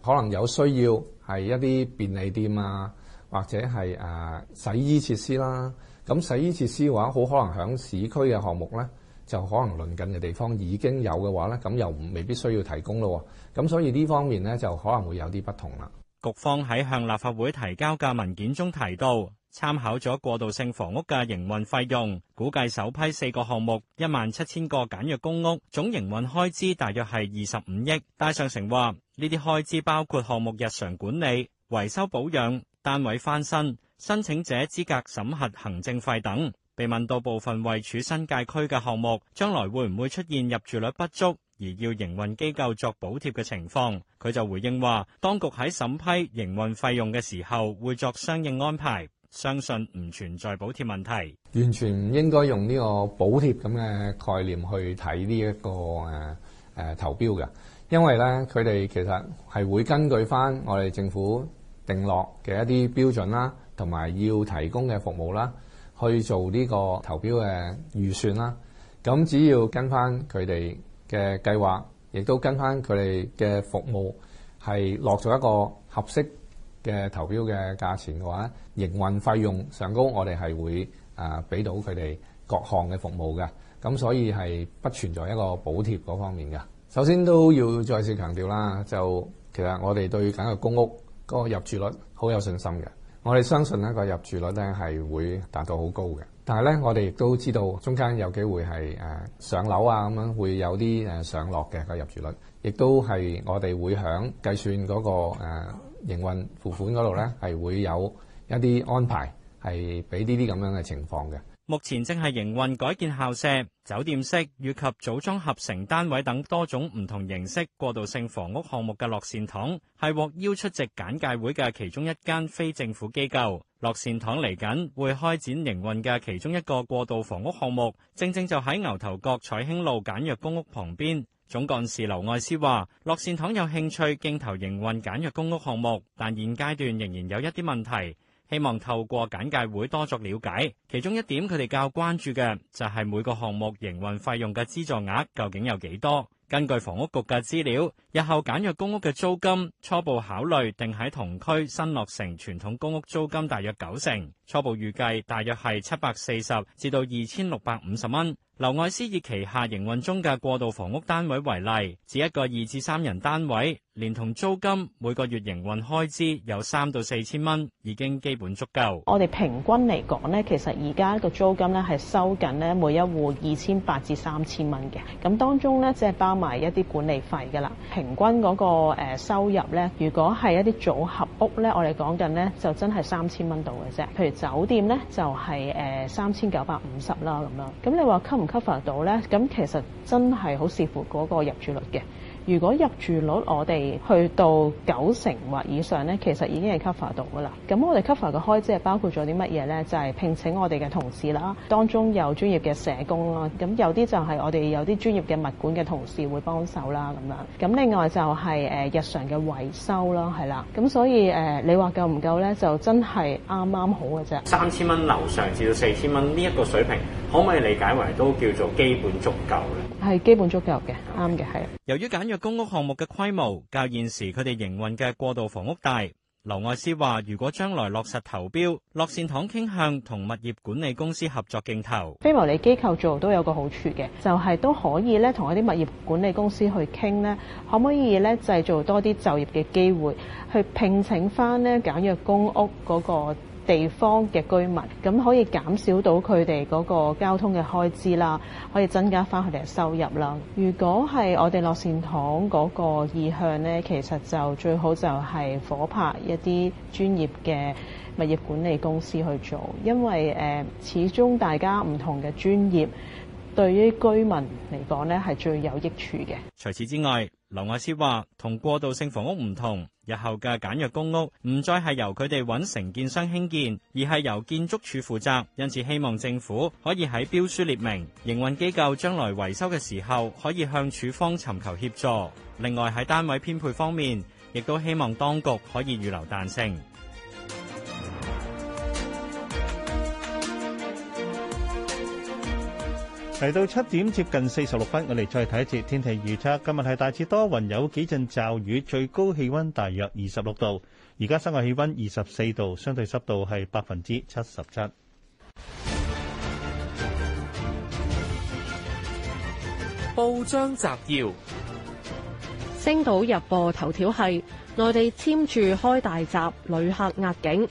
可能有需要係一啲便利店啊，或者係誒洗衣設施啦。咁洗衣設施嘅話，好可能響市區嘅項目咧，就可能鄰近嘅地方已經有嘅話咧，咁又未必需要提供咯。咁所以呢方面咧，就可能會有啲不同啦。局方喺向立法會提交嘅文件中提到，參考咗過渡性房屋嘅營運費用，估計首批四個項目一萬七千個簡約公屋總營運開支大約係二十五億。戴尚誠話：呢啲開支包括項目日常管理、維修保養、單位翻新、申請者資格審核、行政費等。被問到部分位處新界區嘅項目，將來會唔會出現入住率不足？而要營運機構作補貼嘅情況，佢就回應話：當局喺審批營運費用嘅時候，會作相應安排，相信唔存在補貼問題。完全唔應該用呢個補貼咁嘅概念去睇呢一個誒誒、啊啊、投標嘅，因為咧佢哋其實係會根據翻我哋政府定落嘅一啲標準啦，同埋要提供嘅服務啦，去做呢個投標嘅預算啦。咁只要跟翻佢哋嘅計劃，亦都跟翻佢哋嘅服務係落咗一個合適嘅投標嘅價錢嘅話，營運費用上高我，我哋係會啊俾到佢哋各項嘅服務嘅，咁所以係不存在一個補貼嗰方面嘅。首先都要再次強調啦，就其實我哋對緊個公屋嗰個入住率好有信心嘅，我哋相信呢個入住率咧係會達到好高嘅。但係咧，我哋亦都知道中間有機會係誒、呃、上樓啊，咁樣會有啲誒上落嘅個入住率，亦都係我哋會喺計算嗰、嗰個誒、呃、營運付款嗰度咧，係會有一啲安排，係俾呢啲咁樣嘅情況嘅。目前正係營運改建校舍、酒店式以及組裝合成單位等多種唔同形式過渡性房屋項目嘅樂善堂，係獲邀出席簡介會嘅其中一間非政府機構。樂善堂嚟緊會開展營運嘅其中一個過渡房屋項目，正正就喺牛頭角彩興路簡約公屋旁邊。總幹事劉愛思話：樂善堂有興趣競投營運簡約公屋項目，但現階段仍然有一啲問題。希望透過簡介會多作了解，其中一點，佢哋較關注嘅就係每個項目營運費用嘅資助額究竟有幾多。根據房屋局嘅資料，日後簡約公屋嘅租金初步考慮定喺同區新落成傳統公屋租金大約九成。初步預計大約係七百四十至到二千六百五十蚊。劉愛思以旗下營運中嘅過渡房屋單位為例，指一個二至三人單位，連同租金每個月營運開支有三到四千蚊，已經基本足夠。我哋平均嚟講呢，其實而家個租金呢係收緊呢，每一戶二千八至三千蚊嘅。咁當中呢，即係包埋一啲管理費㗎啦。平均嗰個誒收入呢，如果係一啲組合屋呢，我哋講緊呢就真係三千蚊度嘅啫。譬如酒店咧就係誒三千九百五十啦，咁樣，咁你話 cover 唔 cover 到咧？咁其實真係好視乎嗰個入住率嘅。如果入住率我哋去到九成或以上咧，其實已經係 cover 到噶啦。咁我哋 cover 嘅開支係包括咗啲乜嘢咧？就係聘請我哋嘅同事啦，當中有專業嘅社工啦，咁有啲就係我哋有啲專業嘅物管嘅同事會幫手啦，咁樣。咁另外就係誒日常嘅維修啦，係啦。咁所以誒你話夠唔夠咧？就真係啱啱好嘅啫。三千蚊樓上至到四千蚊呢一個水平，可唔可以理解為都叫做基本足夠咧？係基本足夠嘅，啱嘅係。由於簡約公屋項目嘅規模較現時佢哋營運嘅過渡房屋大。劉愛思話：如果將來落實投標，樂善堂傾向同物業管理公司合作競投。非牟利機構做都有個好處嘅，就係、是、都可以咧同一啲物業管理公司去傾咧，可唔可以咧製造多啲就業嘅機會，去聘請翻咧簡約公屋嗰、那個。地方嘅居民咁可以減少到佢哋嗰個交通嘅開支啦，可以增加翻佢哋嘅收入啦。如果係我哋落善堂嗰個意向咧，其實就最好就係伙拍一啲專業嘅物業管理公司去做，因為誒、呃、始終大家唔同嘅專業對於居民嚟講咧係最有益處嘅。除此之外，劉亞思話同過渡性房屋唔同。日後嘅簡約公屋唔再係由佢哋揾承建商興建，而係由建築署負責，因此希望政府可以喺標書列明營運機構將來維修嘅時候可以向署方尋求協助。另外喺單位編配方面，亦都希望當局可以預留彈性。嚟到七點接近四十六分，我哋再睇一節天氣預測。今日係大致多雲，有幾陣驟雨，最高氣溫大約二十六度。而家室外氣溫二十四度，相對濕度係百分之七十七。報章摘要：星島日報頭條係內地簽注開大閘，旅客壓境。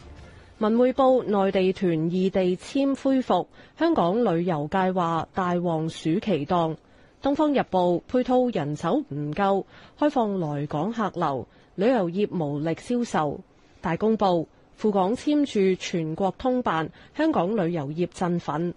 文匯報，內地團異地籤恢復，香港旅遊界話大旺暑期檔。東方日報，配套人手唔夠，開放來港客流，旅遊業無力銷售。大公報赴港籤注全國通辦，香港旅遊業振奮。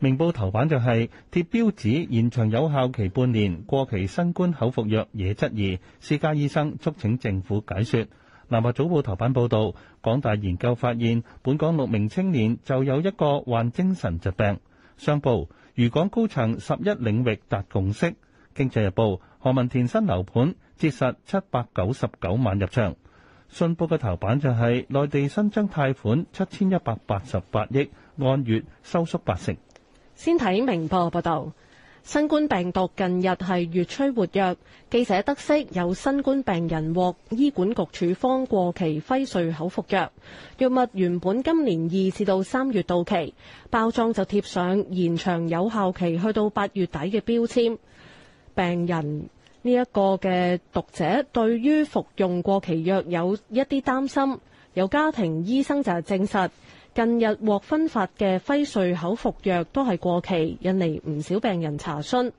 明報頭版就係、是、貼標紙延長有效期半年，過期新冠口服藥惹質疑，私家醫生促請政府解說。南華早報頭版報道，港大研究發現，本港六名青年就有一個患精神疾病。商報，渝港高層十一領域達共識。經濟日報，何文田新樓盤折實七百九十九萬入場。信報嘅頭版就係、是、內地新增貸款七千一百八十八億，按月收縮八成。先睇明報報道。新冠病毒近日係越趨活躍，記者得悉有新冠病人獲醫管局處方過期輝瑞口服藥，藥物原本今年二至到三月到期，包裝就貼上延長有效期去到八月底嘅標籤。病人呢一個嘅讀者對於服用過期藥有一啲擔心，有家庭醫生就係證實。近日獲分發嘅輝瑞口服藥都係過期，引嚟唔少病人查詢，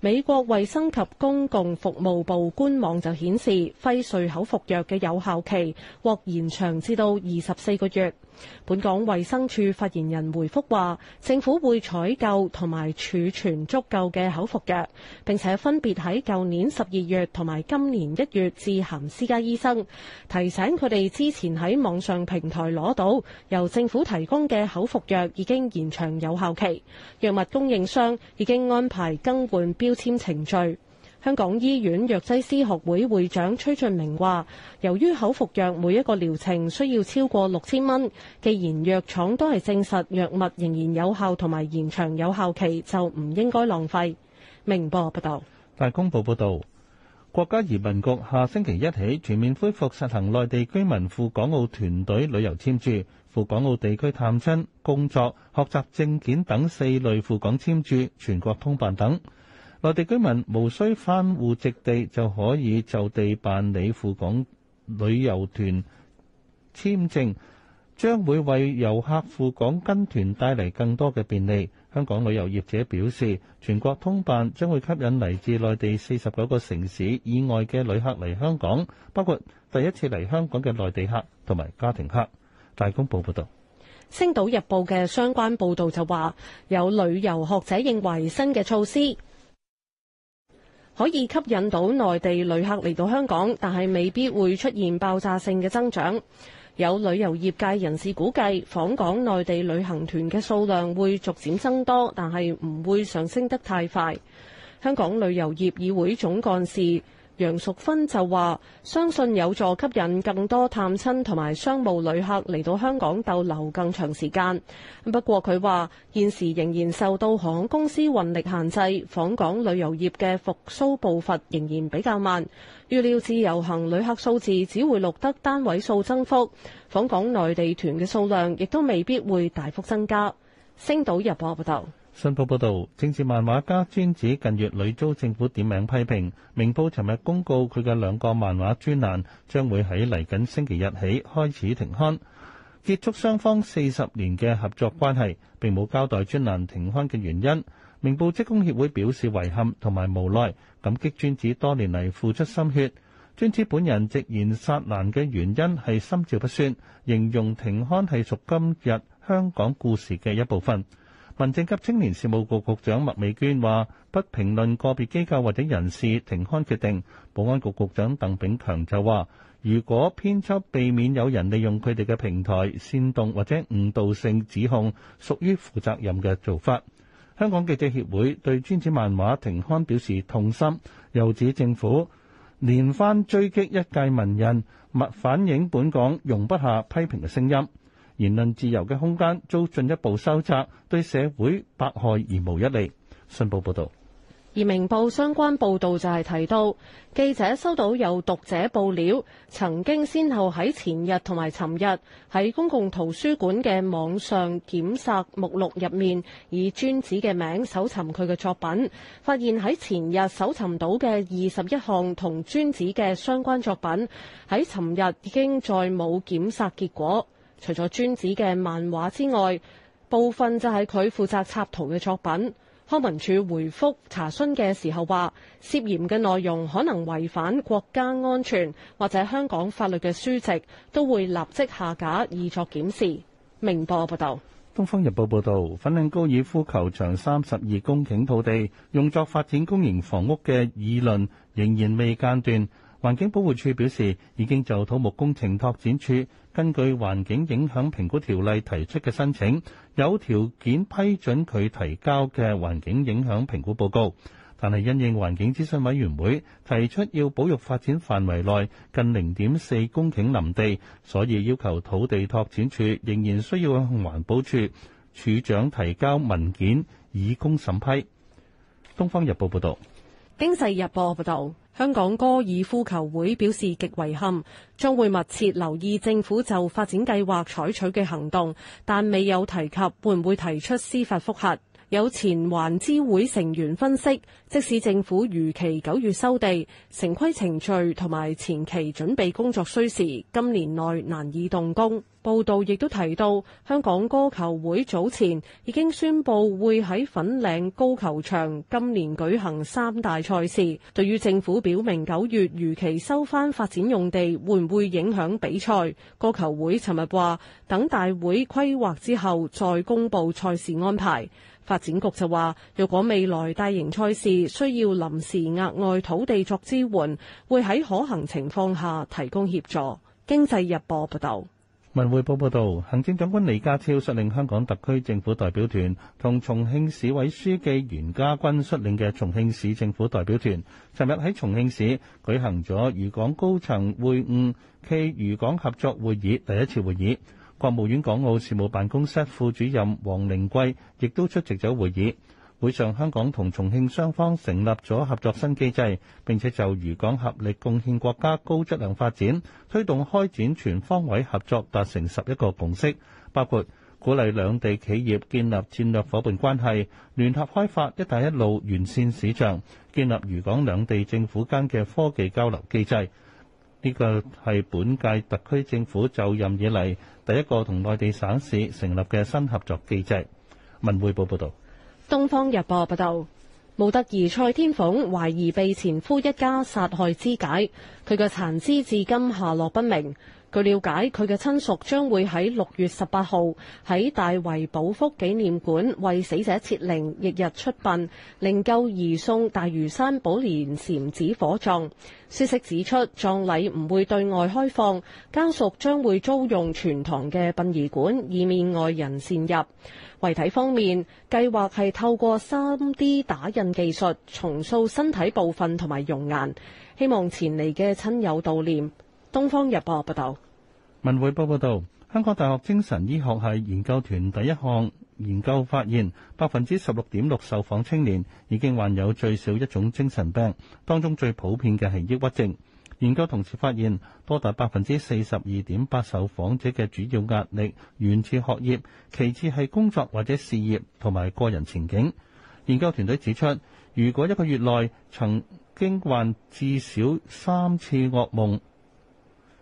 美國衛生及公共服務部官網就顯示，輝瑞口服藥嘅有效期獲延長至到二十四個月。本港衛生署發言人回覆話，政府會採購同埋儲存足夠嘅口服藥，並且分別喺舊年十二月同埋今年一月致函私家醫生，提醒佢哋之前喺網上平台攞到由政府提供嘅口服藥已經延長有效期，藥物供應商已經安排更換標籤程序。香港醫院藥劑師，師學會會長崔俊明話，由於口服藥每一個療程需要超過六千蚊，既然藥廠都係證實藥物仍然有效同埋延長有效期，就唔應該浪費。明報報道，大公報報道，國家移民局下星期一起全面恢復實行內地居民赴港澳團隊旅遊簽注、赴港澳地區探親、工作、學習證件等四類赴港簽注全國通辦等。內地居民無需返戶籍地就可以就地辦理赴港旅遊團簽證，將會為遊客赴港跟團帶嚟更多嘅便利。香港旅遊業者表示，全國通辦將會吸引嚟自內地四十九個城市以外嘅旅客嚟香港，包括第一次嚟香港嘅內地客同埋家庭客。大公報報道，《星島日報》嘅相關報導就話，有旅遊學者認為新嘅措施，可以吸引到內地旅客嚟到香港，但係未必會出現爆炸性嘅增長。有旅遊業界人士估計，訪港內地旅行團嘅數量會逐漸增多，但係唔會上升得太快。香港旅遊業議會總幹事，楊淑芬就話，相信有助吸引更多探親同埋商務旅客嚟到香港逗留更長時間。不過佢話，現時仍然受到航空公司運力限制，訪港旅遊業嘅復甦步伐仍然比較慢。預料自由行旅客數字只會錄得單位數增幅，訪港內地團嘅數量亦都未必會大幅增加。星島日報報道。信報報道，政治漫畫家專子近月屢遭政府點名批評。明報尋日公告，佢嘅兩個漫畫專欄將會喺嚟緊星期日起開始停刊，結束雙方四十年嘅合作關係。並冇交代專欄停刊嘅原因。明報職工協會表示遺憾同埋無奈，感激專子多年嚟付出心血。專子本人直言殺欄嘅原因係心照不宣，形容停刊係屬今日香港故事嘅一部分。民政及青年事務局局長麥美娟話：不評論個別機構或者人士停刊決定。保安局局長鄧炳強就話：如果編輯避免有人利用佢哋嘅平台煽動或者誤導性指控，屬於負責任嘅做法。香港記者協會對尊子漫畫停刊表示痛心，又指政府連番追擊一屆文人，勿反映本港容不下批評嘅聲音。言論自由嘅空間遭進一步收窄，對社會百害而無一利。信報報道，而明報相關報道就係提到，記者收到有讀者報料，曾經先後喺前日同埋尋日喺公共圖書館嘅網上檢索目錄入面，以專子嘅名搜尋佢嘅作品，發現喺前日搜尋到嘅二十一項同專子嘅相關作品，喺尋日已經再冇檢索結果。除咗專子嘅漫畫之外，部分就係佢負責插圖嘅作品。康文署回覆查詢嘅時候話，涉嫌嘅內容可能違反國家安全或者香港法律嘅書籍，都會立即下架以作檢視。明報、啊、報道。東方日報報道，粉嶺高爾夫球場三十二公頃土地用作發展公營房屋嘅議論仍然未間斷。環境保護署表示，已經就土木工程拓展處根據《環境影響評估條例》提出嘅申請，有條件批准佢提交嘅環境影響評估報告。但係因應環境諮詢委員會提出要保育發展範圍內近零點四公頃林地，所以要求土地拓展處仍然需要向環保處處長提交文件以供審批。《東方日報》報道。經濟日報報道，香港高爾夫球會表示極遺憾，將會密切留意政府就發展計劃採取嘅行動，但未有提及會唔會提出司法覆核。有前環資會成員分析，即使政府如期九月收地，城規程序同埋前期準備工作需時，今年內難以動工。報道亦都提到，香港高球會早前已經宣布會喺粉嶺高球場今年舉行三大賽事。對於政府表明九月如期收返發展用地會唔會影響比賽，高球會尋日話等大會規劃之後再公布賽事安排。發展局就話，若果未來大型賽事需要臨時額外土地作支援，會喺可行情況下提供協助。經濟日報報道，文匯報報道，行政長官李家超率領香港特區政府代表團，同重慶市委書記袁家軍率領嘅重慶市政府代表團，尋日喺重慶市舉行咗渝港高層會晤暨渝港合作會議第一次會議。國務院港澳事務辦公室副主任王寧貴亦都出席咗會議。會上，香港同重慶雙方成立咗合作新機制，並且就渝港合力貢獻國家高質量發展，推動開展全方位合作，達成十一個共識，包括鼓勵兩地企業建立戰略伙伴關係，聯合開發“一帶一路”完善市場，建立渝港兩地政府間嘅科技交流機制。呢個係本屆特區政府就任以嚟第一個同內地省市成立嘅新合作機制。文匯報報道。東方日報報道，模特兒蔡天鳳懷疑被前夫一家殺害肢解，佢嘅殘肢至今下落不明。據了解，佢嘅親屬將會喺六月十八號喺大圍寶福紀念館為死者設靈，翌日出殯，靈柩移送大嶼山寶蓮禪寺火葬。消息指出，葬禮唔會對外開放，家屬將會租用全堂嘅殯儀館，以免外人擅入。遺體方面，計劃係透過 3D 打印技術重塑身體部分同埋容顏，希望前嚟嘅親友悼念。東方日報報道，文匯報報道，香港大學精神醫學系研究團第一項研究發現，百分之十六點六受訪青年已經患有最少一種精神病，當中最普遍嘅係抑鬱症。研究同時發現，多達百分之四十二點八受訪者嘅主要壓力源自學業，其次係工作或者事業，同埋個人前景。研究團隊指出，如果一個月內曾經患至少三次噩夢。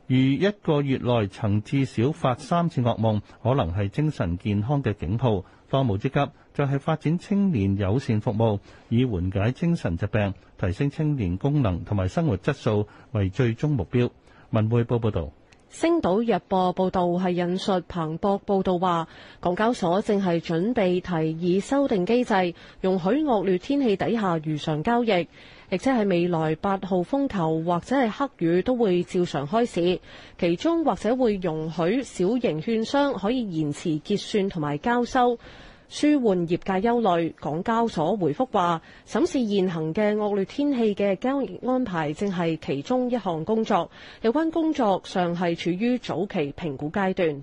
如一個月內曾至少發三次惡夢，可能係精神健康嘅警報。當務之急就係、是、發展青年友善服務，以緩解精神疾病、提升青年功能同埋生活質素為最終目標。文匯報報導，《星島日報》報導係引述彭博報道話，港交所正係準備提議修訂機制，容許惡劣天氣底下如常交易。亦即係未來八號風球或者係黑雨都會照常開市。其中或者會容許小型券商可以延遲結算同埋交收，舒緩業界憂慮。港交所回覆話，審視現行嘅惡劣天氣嘅交易安排，正係其中一項工作。有關工作尚係處於早期評估階段。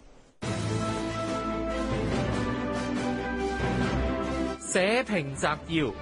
社評摘要，《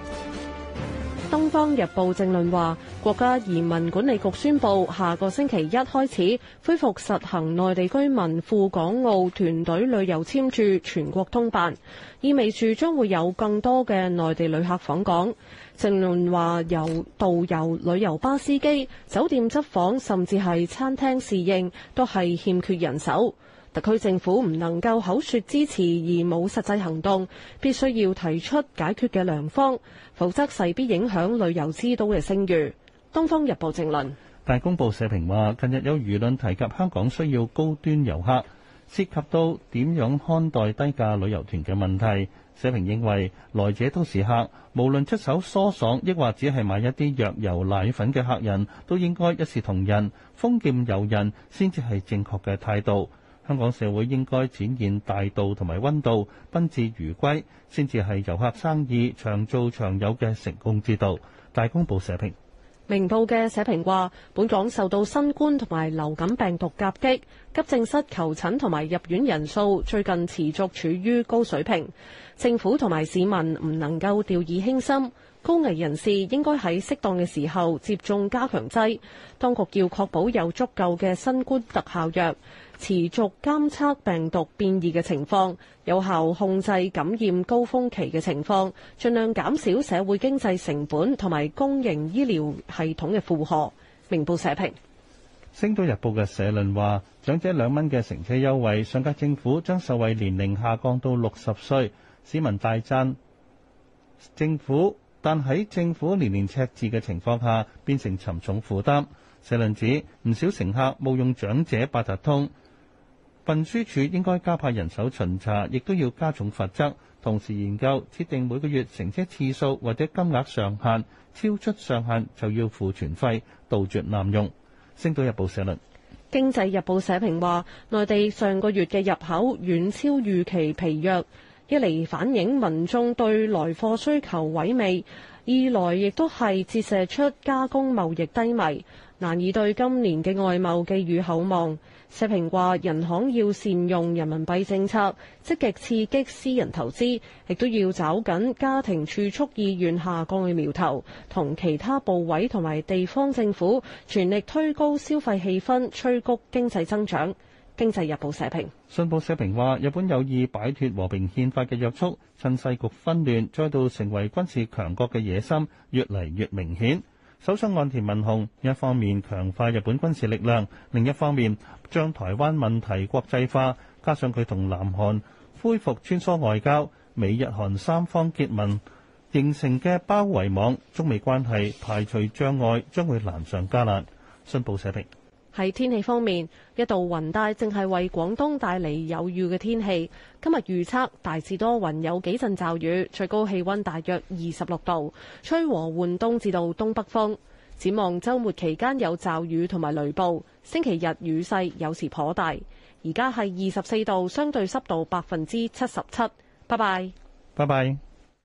東方日報》正論話，國家移民管理局宣布，下個星期一開始恢復實行內地居民赴港澳團隊旅遊簽注全國通辦，意味住將會有更多嘅內地旅客訪港。正論話，由導遊、旅遊巴司機、酒店執房，甚至係餐廳侍應，都係欠缺人手。特區政府唔能夠口説支持而冇實際行動，必須要提出解決嘅良方，否則勢必影響旅遊之都嘅聲譽。《東方日報》正論。大公報社評話，近日有輿論提及香港需要高端遊客，涉及到點樣看待低價旅遊團嘅問題。社評認為，來者都是客，無論出手疏爽，抑或只係買一啲藥油奶粉嘅客人，都應該一視同仁，豐儉由人先至係正確嘅態度。香港社會應該展現大度同埋溫度，賓至如歸，先至係遊客生意長做長有嘅成功之道。大公報社評。明報嘅社評話：本港受到新冠同埋流感病毒夾擊，急症室求診同埋入院人數最近持續處於高水平。政府同埋市民唔能夠掉以輕心，高危人士應該喺適當嘅時候接種加強劑。當局要確保有足夠嘅新冠特效藥。持續監測病毒變異嘅情況，有效控制感染高峰期嘅情況，盡量減少社會經濟成本同埋公營醫療系統嘅負荷。明報社評，《星島日報》嘅社論話：長者兩蚊嘅乘車優惠，上屆政府將受惠年齡下降到六十歲，市民大讚。政府但喺政府年年赤字嘅情況下，變成沉重負擔。社論指唔少乘客冒用長者八達通。運輸署應該加派人手巡查，亦都要加重罰則，同時研究設定每個月乘車次數或者金額上限，超出上限就要付全費，杜絕濫用。星島日報社論，經濟日報社評話，內地上個月嘅入口遠超預期疲弱，一嚟反映民眾對來貨需求萎靡，二來亦都係折射出加工貿易低迷，難以對今年嘅外貿寄予厚望。社評話人行要善用人民幣政策，積極刺激私人投資，亦都要找緊家庭儲蓄意願下降嘅苗頭，同其他部位同埋地方政府全力推高消費氣氛，催谷經濟增長。經濟日報社評。信報社評話日本有意擺脫和平憲法嘅約束，趁世局紛亂再度成為軍事強國嘅野心越嚟越明顯。首相岸田文雄一方面強化日本軍事力量，另一方面將台灣問題國際化，加上佢同南韓恢復穿梭外交，美日韓三方結盟形成嘅包圍網，中美關係排除障礙將會難上加難，信報社評喺天氣方面，一道雲帶正係為廣東帶嚟有雨嘅天氣。今日預測大致多雲，有幾陣驟雨，最高氣溫大約二十六度，吹和緩東至到東北風。展望周末期間有驟雨同埋雷暴，星期日雨勢有時頗大。而家係二十四度，相對濕度百分之七十七。拜拜，拜拜。